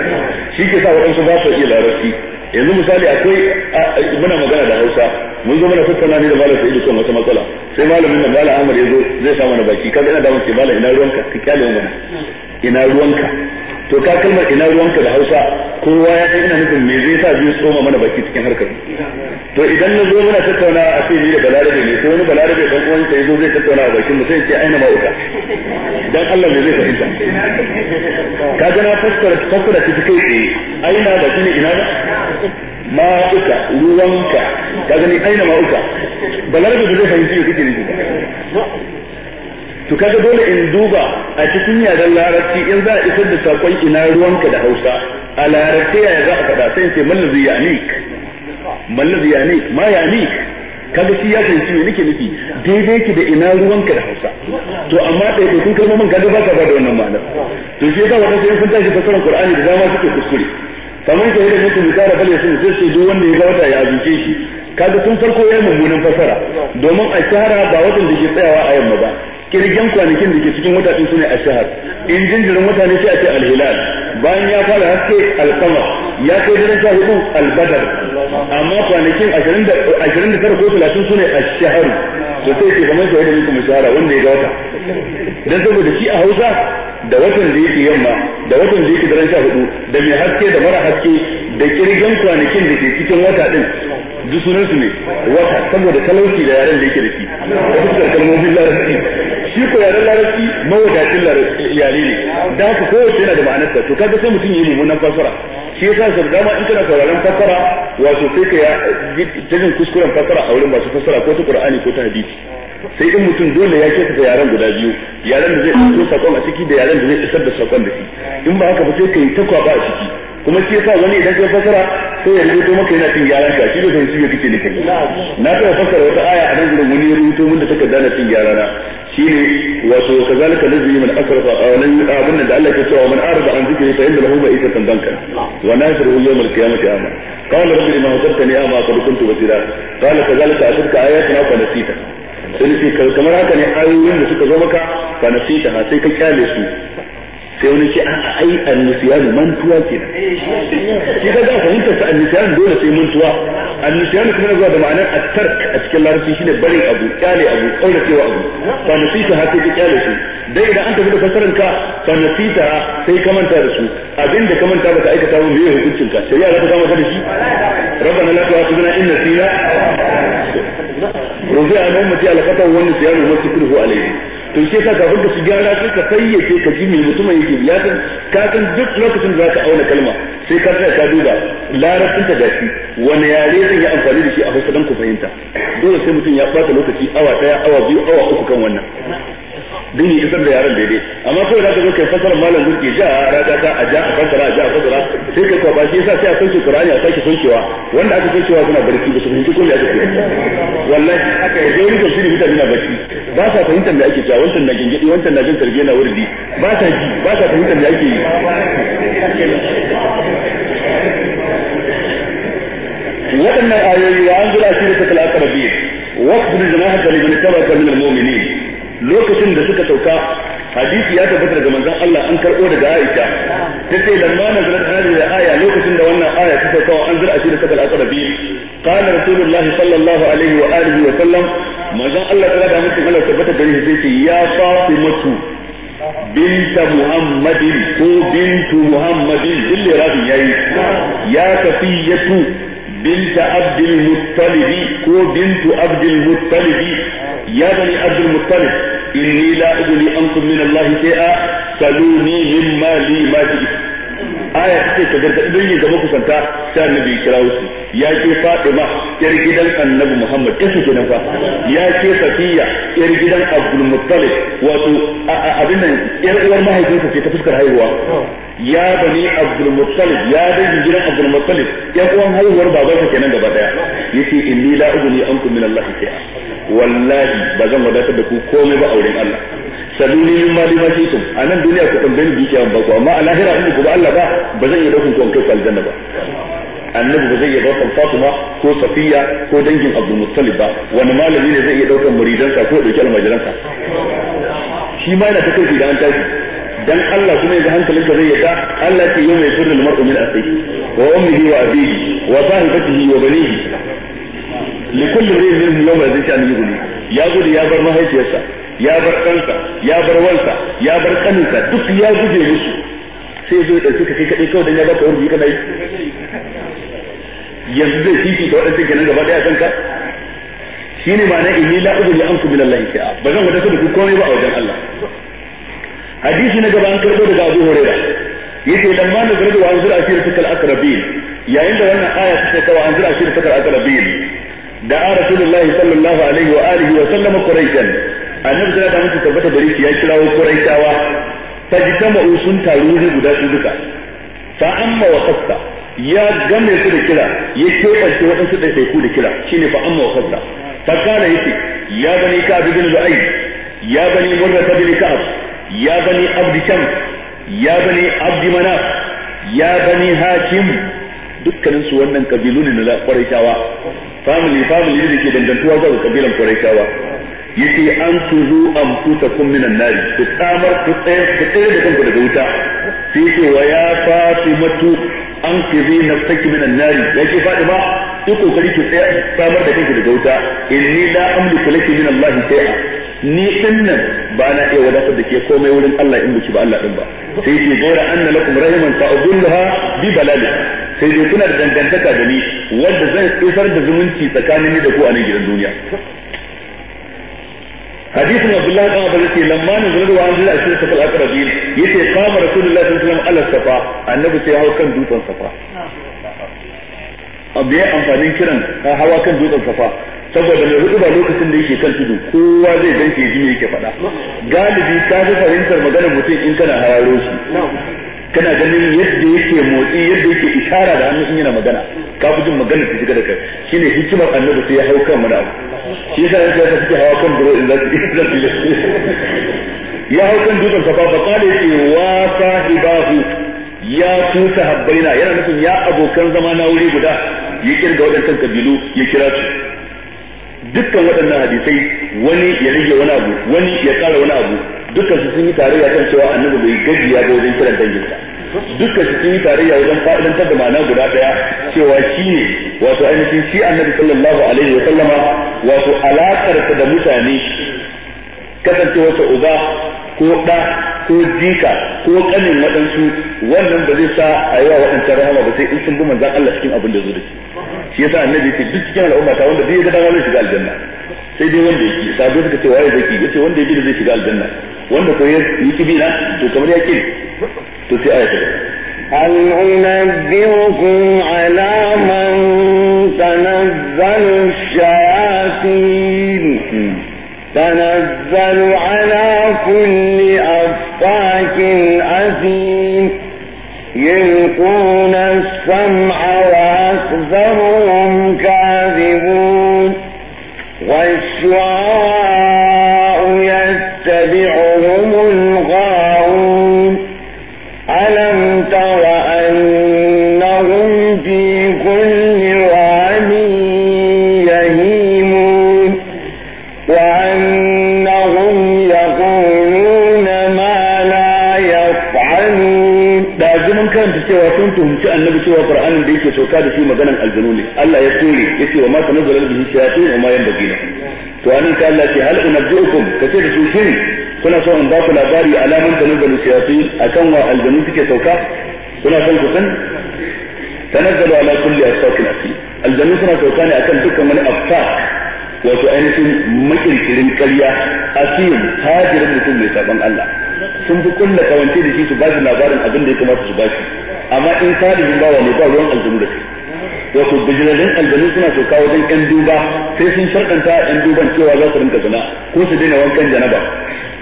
Speaker 1: shi ke sa waɗansu ba su iya larabci yanzu misali akwai muna magana da Hausa mun zo muna tattauna ne da malam sai kan wata matsala sai malamin nan malam Ahmad ya zo zai sa mana baki kaga ina da wani malam ina ruwanka ka kyale mana ina ruwanka to ka kalmar ina ruwanka da Hausa kowa ya san ina nufin me zai sa zai tsoma mana baki cikin harkar to idan na zo muna tattauna a ce ni da balarabe ne sai wani balarabe dan uwan sai zo zai tattauna a bakin mu sai ya ce aina ma'uka dan Allah ne zai fahimta ka ga na fassara fassara cikin kai tsaye aina da kuma ina ba ma'uka ruwanka ka gani aina ma'uka balarabe da zai fahimci ya kake nufi to kaga dole in duba a cikin yaren larabci in za a isar da sakon ina ruwanka da hausa a larabci ya za a faɗa sai in ce mallazi yanik mallazi yanik ma yanik kaga shi ya fahimci me nake nufi daidai ki da ina ruwanka da hausa to amma da yake kun kalmomin kaga ba ka ba da wannan ma'anar to shi yasa wata sai sun tashi fasaran qur'ani da dama suke kuskure kamar ke da mutum misali bal yasin sai sai duk wanda ya ga wata ya azuce shi kaga tun farko yayi mummunan fasara domin a shahara ba watan da ke tsayawa a yamma ba kirgen kwanakin da ke cikin wata din sune a shahar in jinjirin wata ne sai a ce alhilal bayan ya fara haske alqamar ya kai daren sha hudu albadar amma kwanakin tara ko 30 sune a shahar to sai ke kamar ke da mutum misali wanda ya ga wata dan saboda shi a Hausa da watan da yake yamma da watan da yake daren sha hudu da mai haske da mara haske da kirgan kwanakin da ke cikin wata din duk sunan su ne wata saboda talauci da yaren da yake da shi da fuskar kalmomin larabci shi ko yaren larabci mawadacin yare ne da haka kowace yana da ta to kaga sai mutum yi mummunan fasara shi yasa sau dama in kana sauraron fasara wato sai ka ya tajin kuskuren fasara a wurin masu fasara ko ta qur'ani ko ta hadisi sai in mutum dole ya kesa da yaren guda biyu yaren da zai ɗauko sakon a ciki da yaren da zai isar da sakon da shi in ba haka ba sai kai ta kwaba a ciki kuma shi yasa wani idan kai fasara sai ya rubuto maka yana cin yaran ka shi da sai ya kike ne kai na ta fasara wata aya a nan gurin wani ya rubuto mun da take dana cin yarana shine wato kazalika lazimi man asrafa aw lan abun da Allah ke cewa man arada an zikri fa inna lahu ma'ikatan danka wa nasiru yawmal qiyamati amma قال رب لما وصلتني أما قد كنت بصيرا قال كذلك أتتك آياتنا فنسيتها sai nace kamar haka ne ayoyin da suka zo maka fa nasita ha sai ka kyale su sai wani ce a ai annisiyanu mantuwa ke
Speaker 3: shi za ga fahimtar
Speaker 1: sa annisiyanu dole sai mantuwa annisiyanu kuma na zuwa da ma'anar a attark a cikin larabci shine barin abu kyale abu kauracewa abu fa nasita ha sai ka kyale su dai idan an tafi da fasaran ka fa nasita sai ka manta da su abin da ka manta baka aikata ba me hukuncin ka shari'a za ta kama ka da shi lafiya la tu'akhidna in nasina rufi a nan mace alƙatar wani su yaro masu kurhu alaihi to shi yasa kafin ka su gyara sai ka fayyace ka ji me mutumin yake ya san ka san duk lokacin da za ka auna kalma sai ka tsaya ka duba larabcin ta gashi wani yare zan yi amfani da shi a hausa ku fahimta dole sai mutum ya ɓata lokaci awa ɗaya awa biyu awa uku kan wannan don ya isar da yaran daidai amma kawai za ka zo kai fasara malam gurki ja a raga ta a ja a fasara a ja a fasara sai ka kwaba shi yasa sai a sanke qur'ani a sake sankewa wanda aka sankewa suna barci ba su fahimci ko ya aka wallahi aka yi gauri da shiri mutane na barci ba sa fahimtar da ake cewa wancan na gingidi wancan na jin tarbiyya na wurdi ba sa ji ba sa fahimtar da ake yi waɗannan ayoyi wa an jira shi da ta kalakar biyu wakil jama'a da limin min al-mu'minin lokacin da suka sauka hadisi ya tabbata daga manzon Allah an karbo daga Aisha tace lamma nazarat hadhihi al-aya lokacin da wannan aya ta sauka an zira shi da sabal aqrabi qala rasulullahi sallallahu alaihi wa alihi wa sallam manzon Allah ta da mutum Allah tabbata da shi sai ya fatimatu binta muhammadin ko bintu muhammadin dille rabi yayi ya kafiyatu بنت عبد المطلب كو بنت عبد المطلب يا بني عبد المطلب inni la ugni ankum min Allah shay'a saluni mimma li ma aya take ta gargadi don yin zama kusanta ta annabi kirawo ya ke Fatima yar gidan annabi Muhammad kace kenan fa ya ke Safiya yar gidan Abdul Muttalib wato abin nan yar uwar mahaifinsa ce ta fuskar haihuwa ya bani Abdul Muttalib ya dai gidan Abdul Muttalib yan uwan haihuwar babansa kenan gaba daya yace inni la ughni ankum min Allah shay'a wallahi ba zan wadatar da ku komai ba auren Allah sabili min mali ma jitum a nan duniya ku tambaye ni dukiya ba ku amma a lahira in ku ba Allah ba ba zan iya daukan ku kai aljanna ba annabi ba zai iya daukan Fatima ko Safiya ko dangin Abdul Muttalib ba wani malami ne zai iya daukan muridansa ko dauki almajiransa
Speaker 3: shi ma yana ta kai
Speaker 1: idan an tashi dan Allah kuma yanzu ka zai yadda Allah ce yau mai sirrin mar'u min asai wa ummihi wa abihi wa sahibatihi wa banihi li kulli zai minhum yawma zai sha'ani yughni ya gudu ya bar mahaifiyarsa ya bar kansa ya bar wansa ya bar kaninsa duk ya guje musu sai zai dauki ka kai kadai kawai dan ya baka wurbi kana yanzu zai fifi ta wadansu kenan gaba daya kanka shine ma'ana inni la udri anfu min Allah sha'a bazan wadata da ku komai ba a wajen Allah hadisi na gaba an karbo daga Abu yake yace dan ma na garba an zura da akrabin yayin da wannan aya ta kawo an akrabin da rasulullahi sallallahu alaihi wa alihi wa sallama quraishan annabi da musu tabbata gare shi ya kirawo quraishawa fajtama'u sun taru wuri guda su duka fa amma wa qasta ya game su da kira ya kebance waɗansu ɗaiɗaiku da kira shine fa amma wa qasta fa kana yace ya bani ka'ab bin lu'ay ya bani murrata bin ka'ab ya bani abd shams ya bani abd manaf ya bani hashim dukkanin su wannan kabilu ne na Qurayshawa family family ne ke dangantuwa ga kabilan Qurayshawa yace an tuzu anfusakum minan nar ku tsamar ku tsayar ku tsayar da kanku daga wuta sai ce wa ya fatimatu an kizi nafsaki minan nar yake fatima ki kokari ki tsaya tsamar da kanki daga wuta inni la amliku laki min Allah shay'a ni dinnan ba na iya wadatar da ke komai wurin Allah in biki ba Allah din ba sai ce gaira anna lakum rahiman fa'udulha bi balalik sai dai kuna da dangantaka da ni wanda zan isar da zumunci tsakanin ni da ku a nan gidan duniya hadisin abdullahi kan abu yake lamma ne zuwa wa anzila shi ta falaka rabin yace qama rasulullahi sallallahu alaihi wasallam ala annabi sai hawa kan dutsen safa A ya amfani kiran hawa kan dutsen safa saboda mai hudu ba lokacin da yake kan tudu kowa zai gan shi ji yake faɗa galibi ta fi fahimtar maganar mutum in kana hararo shi kana ganin yadda yake motsi yadda yake ishara da hannu in yana magana ka fi jin magana ta shiga da kai shine hikimar annabi sai ya hau kan mana abu shi yasa yake ya suke hawa kan duro in za su ya hau kan dutsen safa fa kale ce wa sahibahu ya tusa sahabbaina yana nufin ya abokan zama na wuri guda ya kirga waɗancan kabilu ya kira su dukkan waɗannan hadisai wani ya rage wani abu wani ya tsara wani abu dukkan su sun yi ya kan cewa annabi bai gajiya ga wajen kiran danginsa dukkan su yi tarayya wajen fa'idantar da ma'ana guda daya cewa shi ne wato ainihin shi annabi sallallahu alaihi wa sallama wato alakarsa da mutane kasancewarsa uba ko ɗa ko jika ko ƙanin waɗansu wannan ba zai sa a yi wa waɗancan rahama ba sai in sun bi manzan Allah cikin abin da zo da shi shi yasa annabi ce duk cikin al'umma ta wanda zai ga dama zai shiga aljanna sai dai wanda yake sabo suka ce waye zaki yace wanda yake zai shiga aljanna wanda ko yake bi na to kamar yake تلتي آية هل أنبئكم على من
Speaker 2: تنزل الشياطين تنزل على كل أفاك أثيم يلقون السمع وأكثرهم
Speaker 1: fahimci annabi cewa qur'anin da yake sauka da shi maganan aljanu ne Allah ya tsore yace wa ma tanazzala bihi shayatin wa ma yanbaghi lahu to anan ka Allah ce hal unabbiukum kace da su shin kuna so in ba ku labari alamun tanazzala shayatin akan wa aljanu suke sauka kuna son ku san tanazzalu ala kulli afakin asim aljanu suna sauka ne akan dukkan wani afak wato ainihin makirkirin ƙarya asim hajirin mutum mai saban Allah sun fi kulla kawance da shi su ba shi labarin abin da ya kamata su ba shi amma in salihin bawa ne ba ruwan aljanu da kai wato bijilalin aljanu suna soka wajen ƴan duba sai sun sharkanta ƴan duban cewa za su rinka zina ko su daina wankan janaba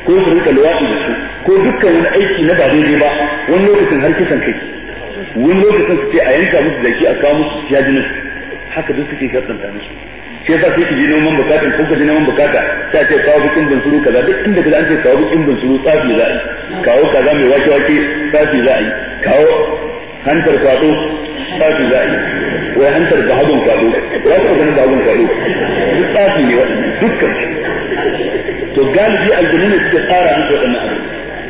Speaker 1: ko su rinka luwaɗi da su ko dukkan wani aiki na ba daidai ba wani lokacin har kisan kai wani lokacin su ce a yanka musu jaki a kawo musu siya jinin haka duk suke sharkanta musu shi yasa sai ki je neman bukata ko ka je neman bukata sai a ce kawo bikin bunsuru kaza duk inda kaza an ce kawo bikin bunsuru tsafi za a yi kawo kaza mai wake wake tsafi za a yi kawo hantar kwado tsafi za a yi wai hantar bahadun kwado ya kuma ganin bahadun kwado duk tsafi ne waɗannan dukkan to galibi aljanu ne suke tsara hantar waɗannan abu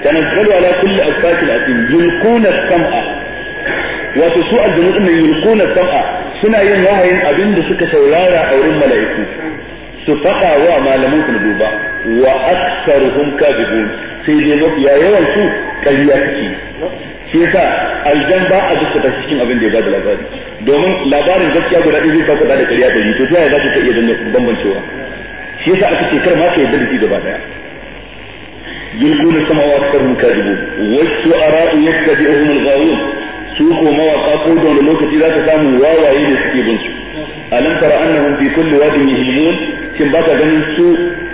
Speaker 1: tanazzalu ala kulli asfatil asim yulquna sam'a wato su aljanu din nan yulquna sam'a suna yin wahayin abinda suka saurara a wurin mala'iku su faɗa wa malaman su duba wa aktsaruhum kadibun sai dai mafiya yawan su ƙarya suke shi yasa aljan ba a dukkan tashi cikin abin da ya da labari domin labarin gaskiya guda ɗaya zai kawo da ƙarya ɗari to ta za ka iya zama bambancewa shi yasa aka ce kar ma ka yarda da shi gaba ɗaya yulkuna sama wa ka rinka dubu wasu ara'u yadda bi ahumul ghawun su ko mawaka ko da wani lokaci za ka samu wawaye ne suke bin su alam tara annahum fi kulli wadin yahilun shin baka ganin su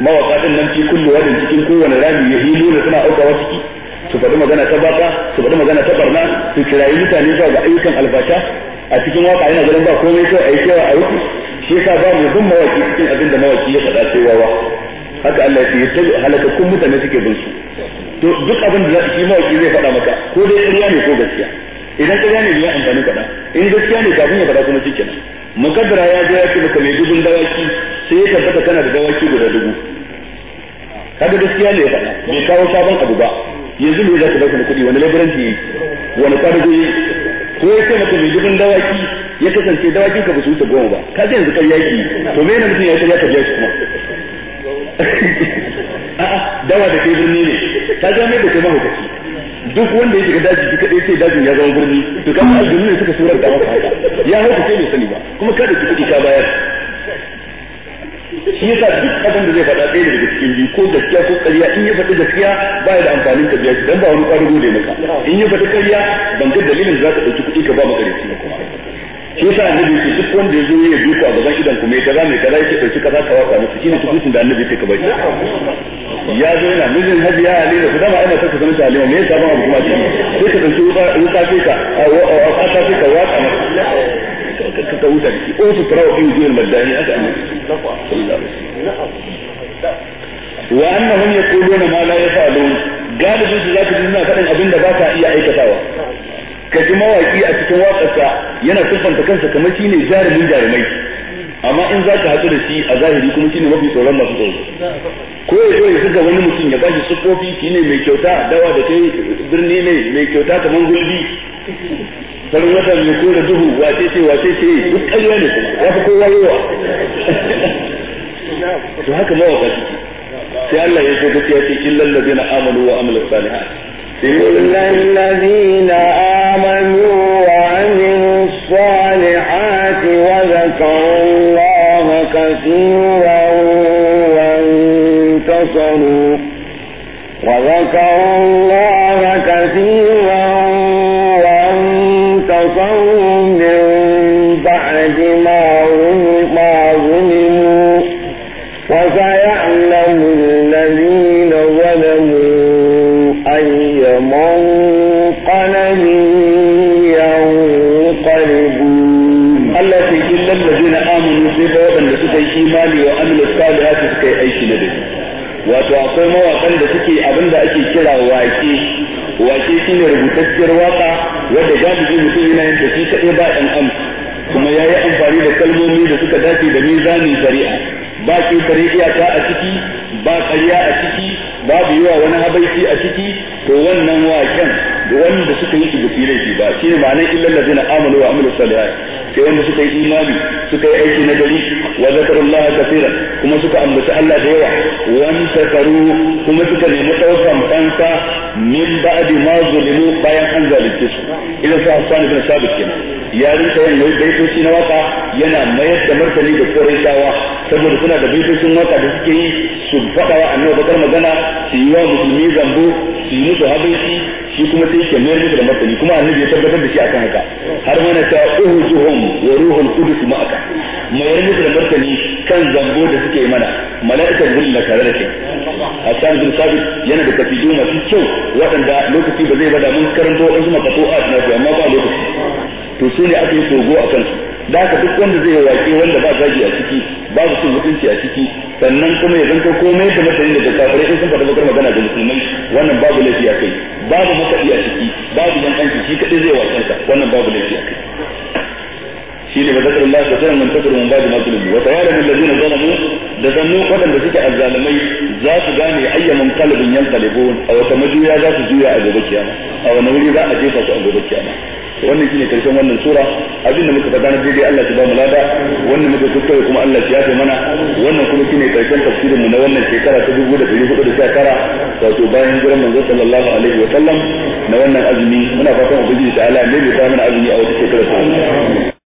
Speaker 1: mawaka din nan fi kulli wadin cikin kowane rami yahilun suna aukawa ciki su faɗi magana ta baka su faɗi magana ta barna su kirayi mutane zuwa ga ayyukan albasha a cikin waka yana ganin ba komai kawai a yi kewa a wuce shi yasa ba mu bin mawaki cikin abin da mawaki ya faɗa sai wawa haka Allah ya ce halakakkun mutane suke bin su to duk abin da shi mawaki zai faɗa maka ko dai ƙarya ne ko gaskiya idan ƙarya ne ya amfani kaɗan in gaskiya ne kafin ya faɗa kuma shi kenan mukaddara ya je ya ce maka mai dubun dawaki sai ya tabbata kana da dawaki guda dubu kaga gaskiya ne ya faɗa bai kawo sabon abu ba yanzu me za ka baka da kuɗi wani laburanci yi wani kwadago yi
Speaker 3: ko ya kai mutum mai gidan
Speaker 1: dawaki ya kasance dawakin ka ba su wuce goma ba ka yanzu karya ki to me yana mutum ya karya ka biya shi
Speaker 3: kuma dawa da kai birni
Speaker 1: ne ka ga mai da kai mahaukaci duk wanda ya shiga daji shi kaɗai sai dajin ya zama birni to kamar aljunu ne suka surar da maka haka ya hauka sai bai sani ba kuma ka da kuɗi ka bayar shi yasa duk abin da zai faɗa ɗaya daga cikin biyu ko gaskiya ko ƙarya in ya faɗi gaskiya ba ya da amfanin ka biya shi dan ba wani ƙwarin gode maka in ya faɗi ƙarya ban ga dalilin da za ka ɗauki kuɗi ka ba makarici shi kuma shi yasa annabi ce duk wanda ya zo ya bi ku a gaban idan ku mai kaza mai kaza yake ɗauki kaza ka waka masa shine tukusin da annabi ce ka bashi ya zo yana mijin ya halin da kuma ma'ana sai ka sanar da ali me yasa ba abu kuma ce sai ka ɗauki wuka sai ka a ka ka waka masa ka ka wuta da shi o su tarawa ɗin wujuhil maddani aka annabi wa alaihi na wa annahum yaquluna ma la yafalun galibin su za ka jina faɗin abin da ba ka iya aikatawa ka ji mawaki a cikin waƙarsa yana siffanta kansa kamar shi ne jarumin jarumai amma in za ka haɗu da shi a zahiri kuma shi ne mafi tsoron masu tsoro ko ya zo ya zuga wani mutum ya bashi siffofi shi ne mai kyauta dawa da kai birni ne mai kyauta kamar gulbi farin wata mai kore duhu wace ce wace ce duk ƙarya ne kuma ya fi kowa yawa to haka ma wa sai Allah ya so gaskiya ce illal ladina amanu wa amilus salihat illal
Speaker 2: ladina amanu wa amilus salihati wa zakaru Allah kaseeran
Speaker 1: laifi a ciki to wannan waken wanda suka yi su gusi laifi ba shi ne ma'anar illal ladina amanu wa amilu salihat sai wanda suka yi imani suka yi aiki na gari wa zakarullaha kaseeran kuma suka ambaci Allah da yawa wan takaru kuma suka nemi daukan fanka min ba'di ma zulimu bayan an zalunce su idan su Hassan ibn Sabit kenan yarin ta yin baitoci na waka yana mayar da martani da Qurayshawa saboda suna da baitocin waka da suke yi su faɗa wa annabi bakar magana su yi wa musulmi zambo su yi musu habaici shi kuma sai ke mayar musu da martani kuma annabi ya tabbatar da shi akan haka har mana ta ya wa ruhul qudus ma'aka mayar musu da martani kan zambo da suke mana mala'ikar gurin da tare da kai Hassan bin Sabit yana da kafidu masu kyau waɗanda lokaci ba zai bada mun karanto wasu suna na amma ba lokaci to su ne aka yi kogo a kansu da haka duk wanda zai waƙe wanda ba zagi a ciki babu cin mutunci a ciki sannan kuma ya zanto komai da mutane da kafirai in sun faɗa bakar magana da musulmai wannan babu laifi a kai babu makaɗi a ciki babu yan ɗanci shi kaɗai zai wasansa wannan babu laifi a kai shi ne bazakar Allah ta sanar mun tafirin mun babu mazlum wa sayalamu allazina zalamu da zannu waɗanda suke azzalimai za su gane ayyamin qalbin yanqalibun a wata majuya za su juya a gobe kiyama a wani wuri za a jefa su a gobe kiyama wannan shine karshen wannan sura abinda muka faɗa na daidai Allah ya ba mu lada wannan muka kuskure kuma Allah ya yafe mana wannan kuma shine karshen tafsirin mu na wannan shekara ta dubu da ɗari hudu da sha tara wato bayan jiran manzo sallallahu alaihi wa sallam na wannan azumi muna fatan ubangiji ta'ala ne bai ta mana azumi a wata shekara ta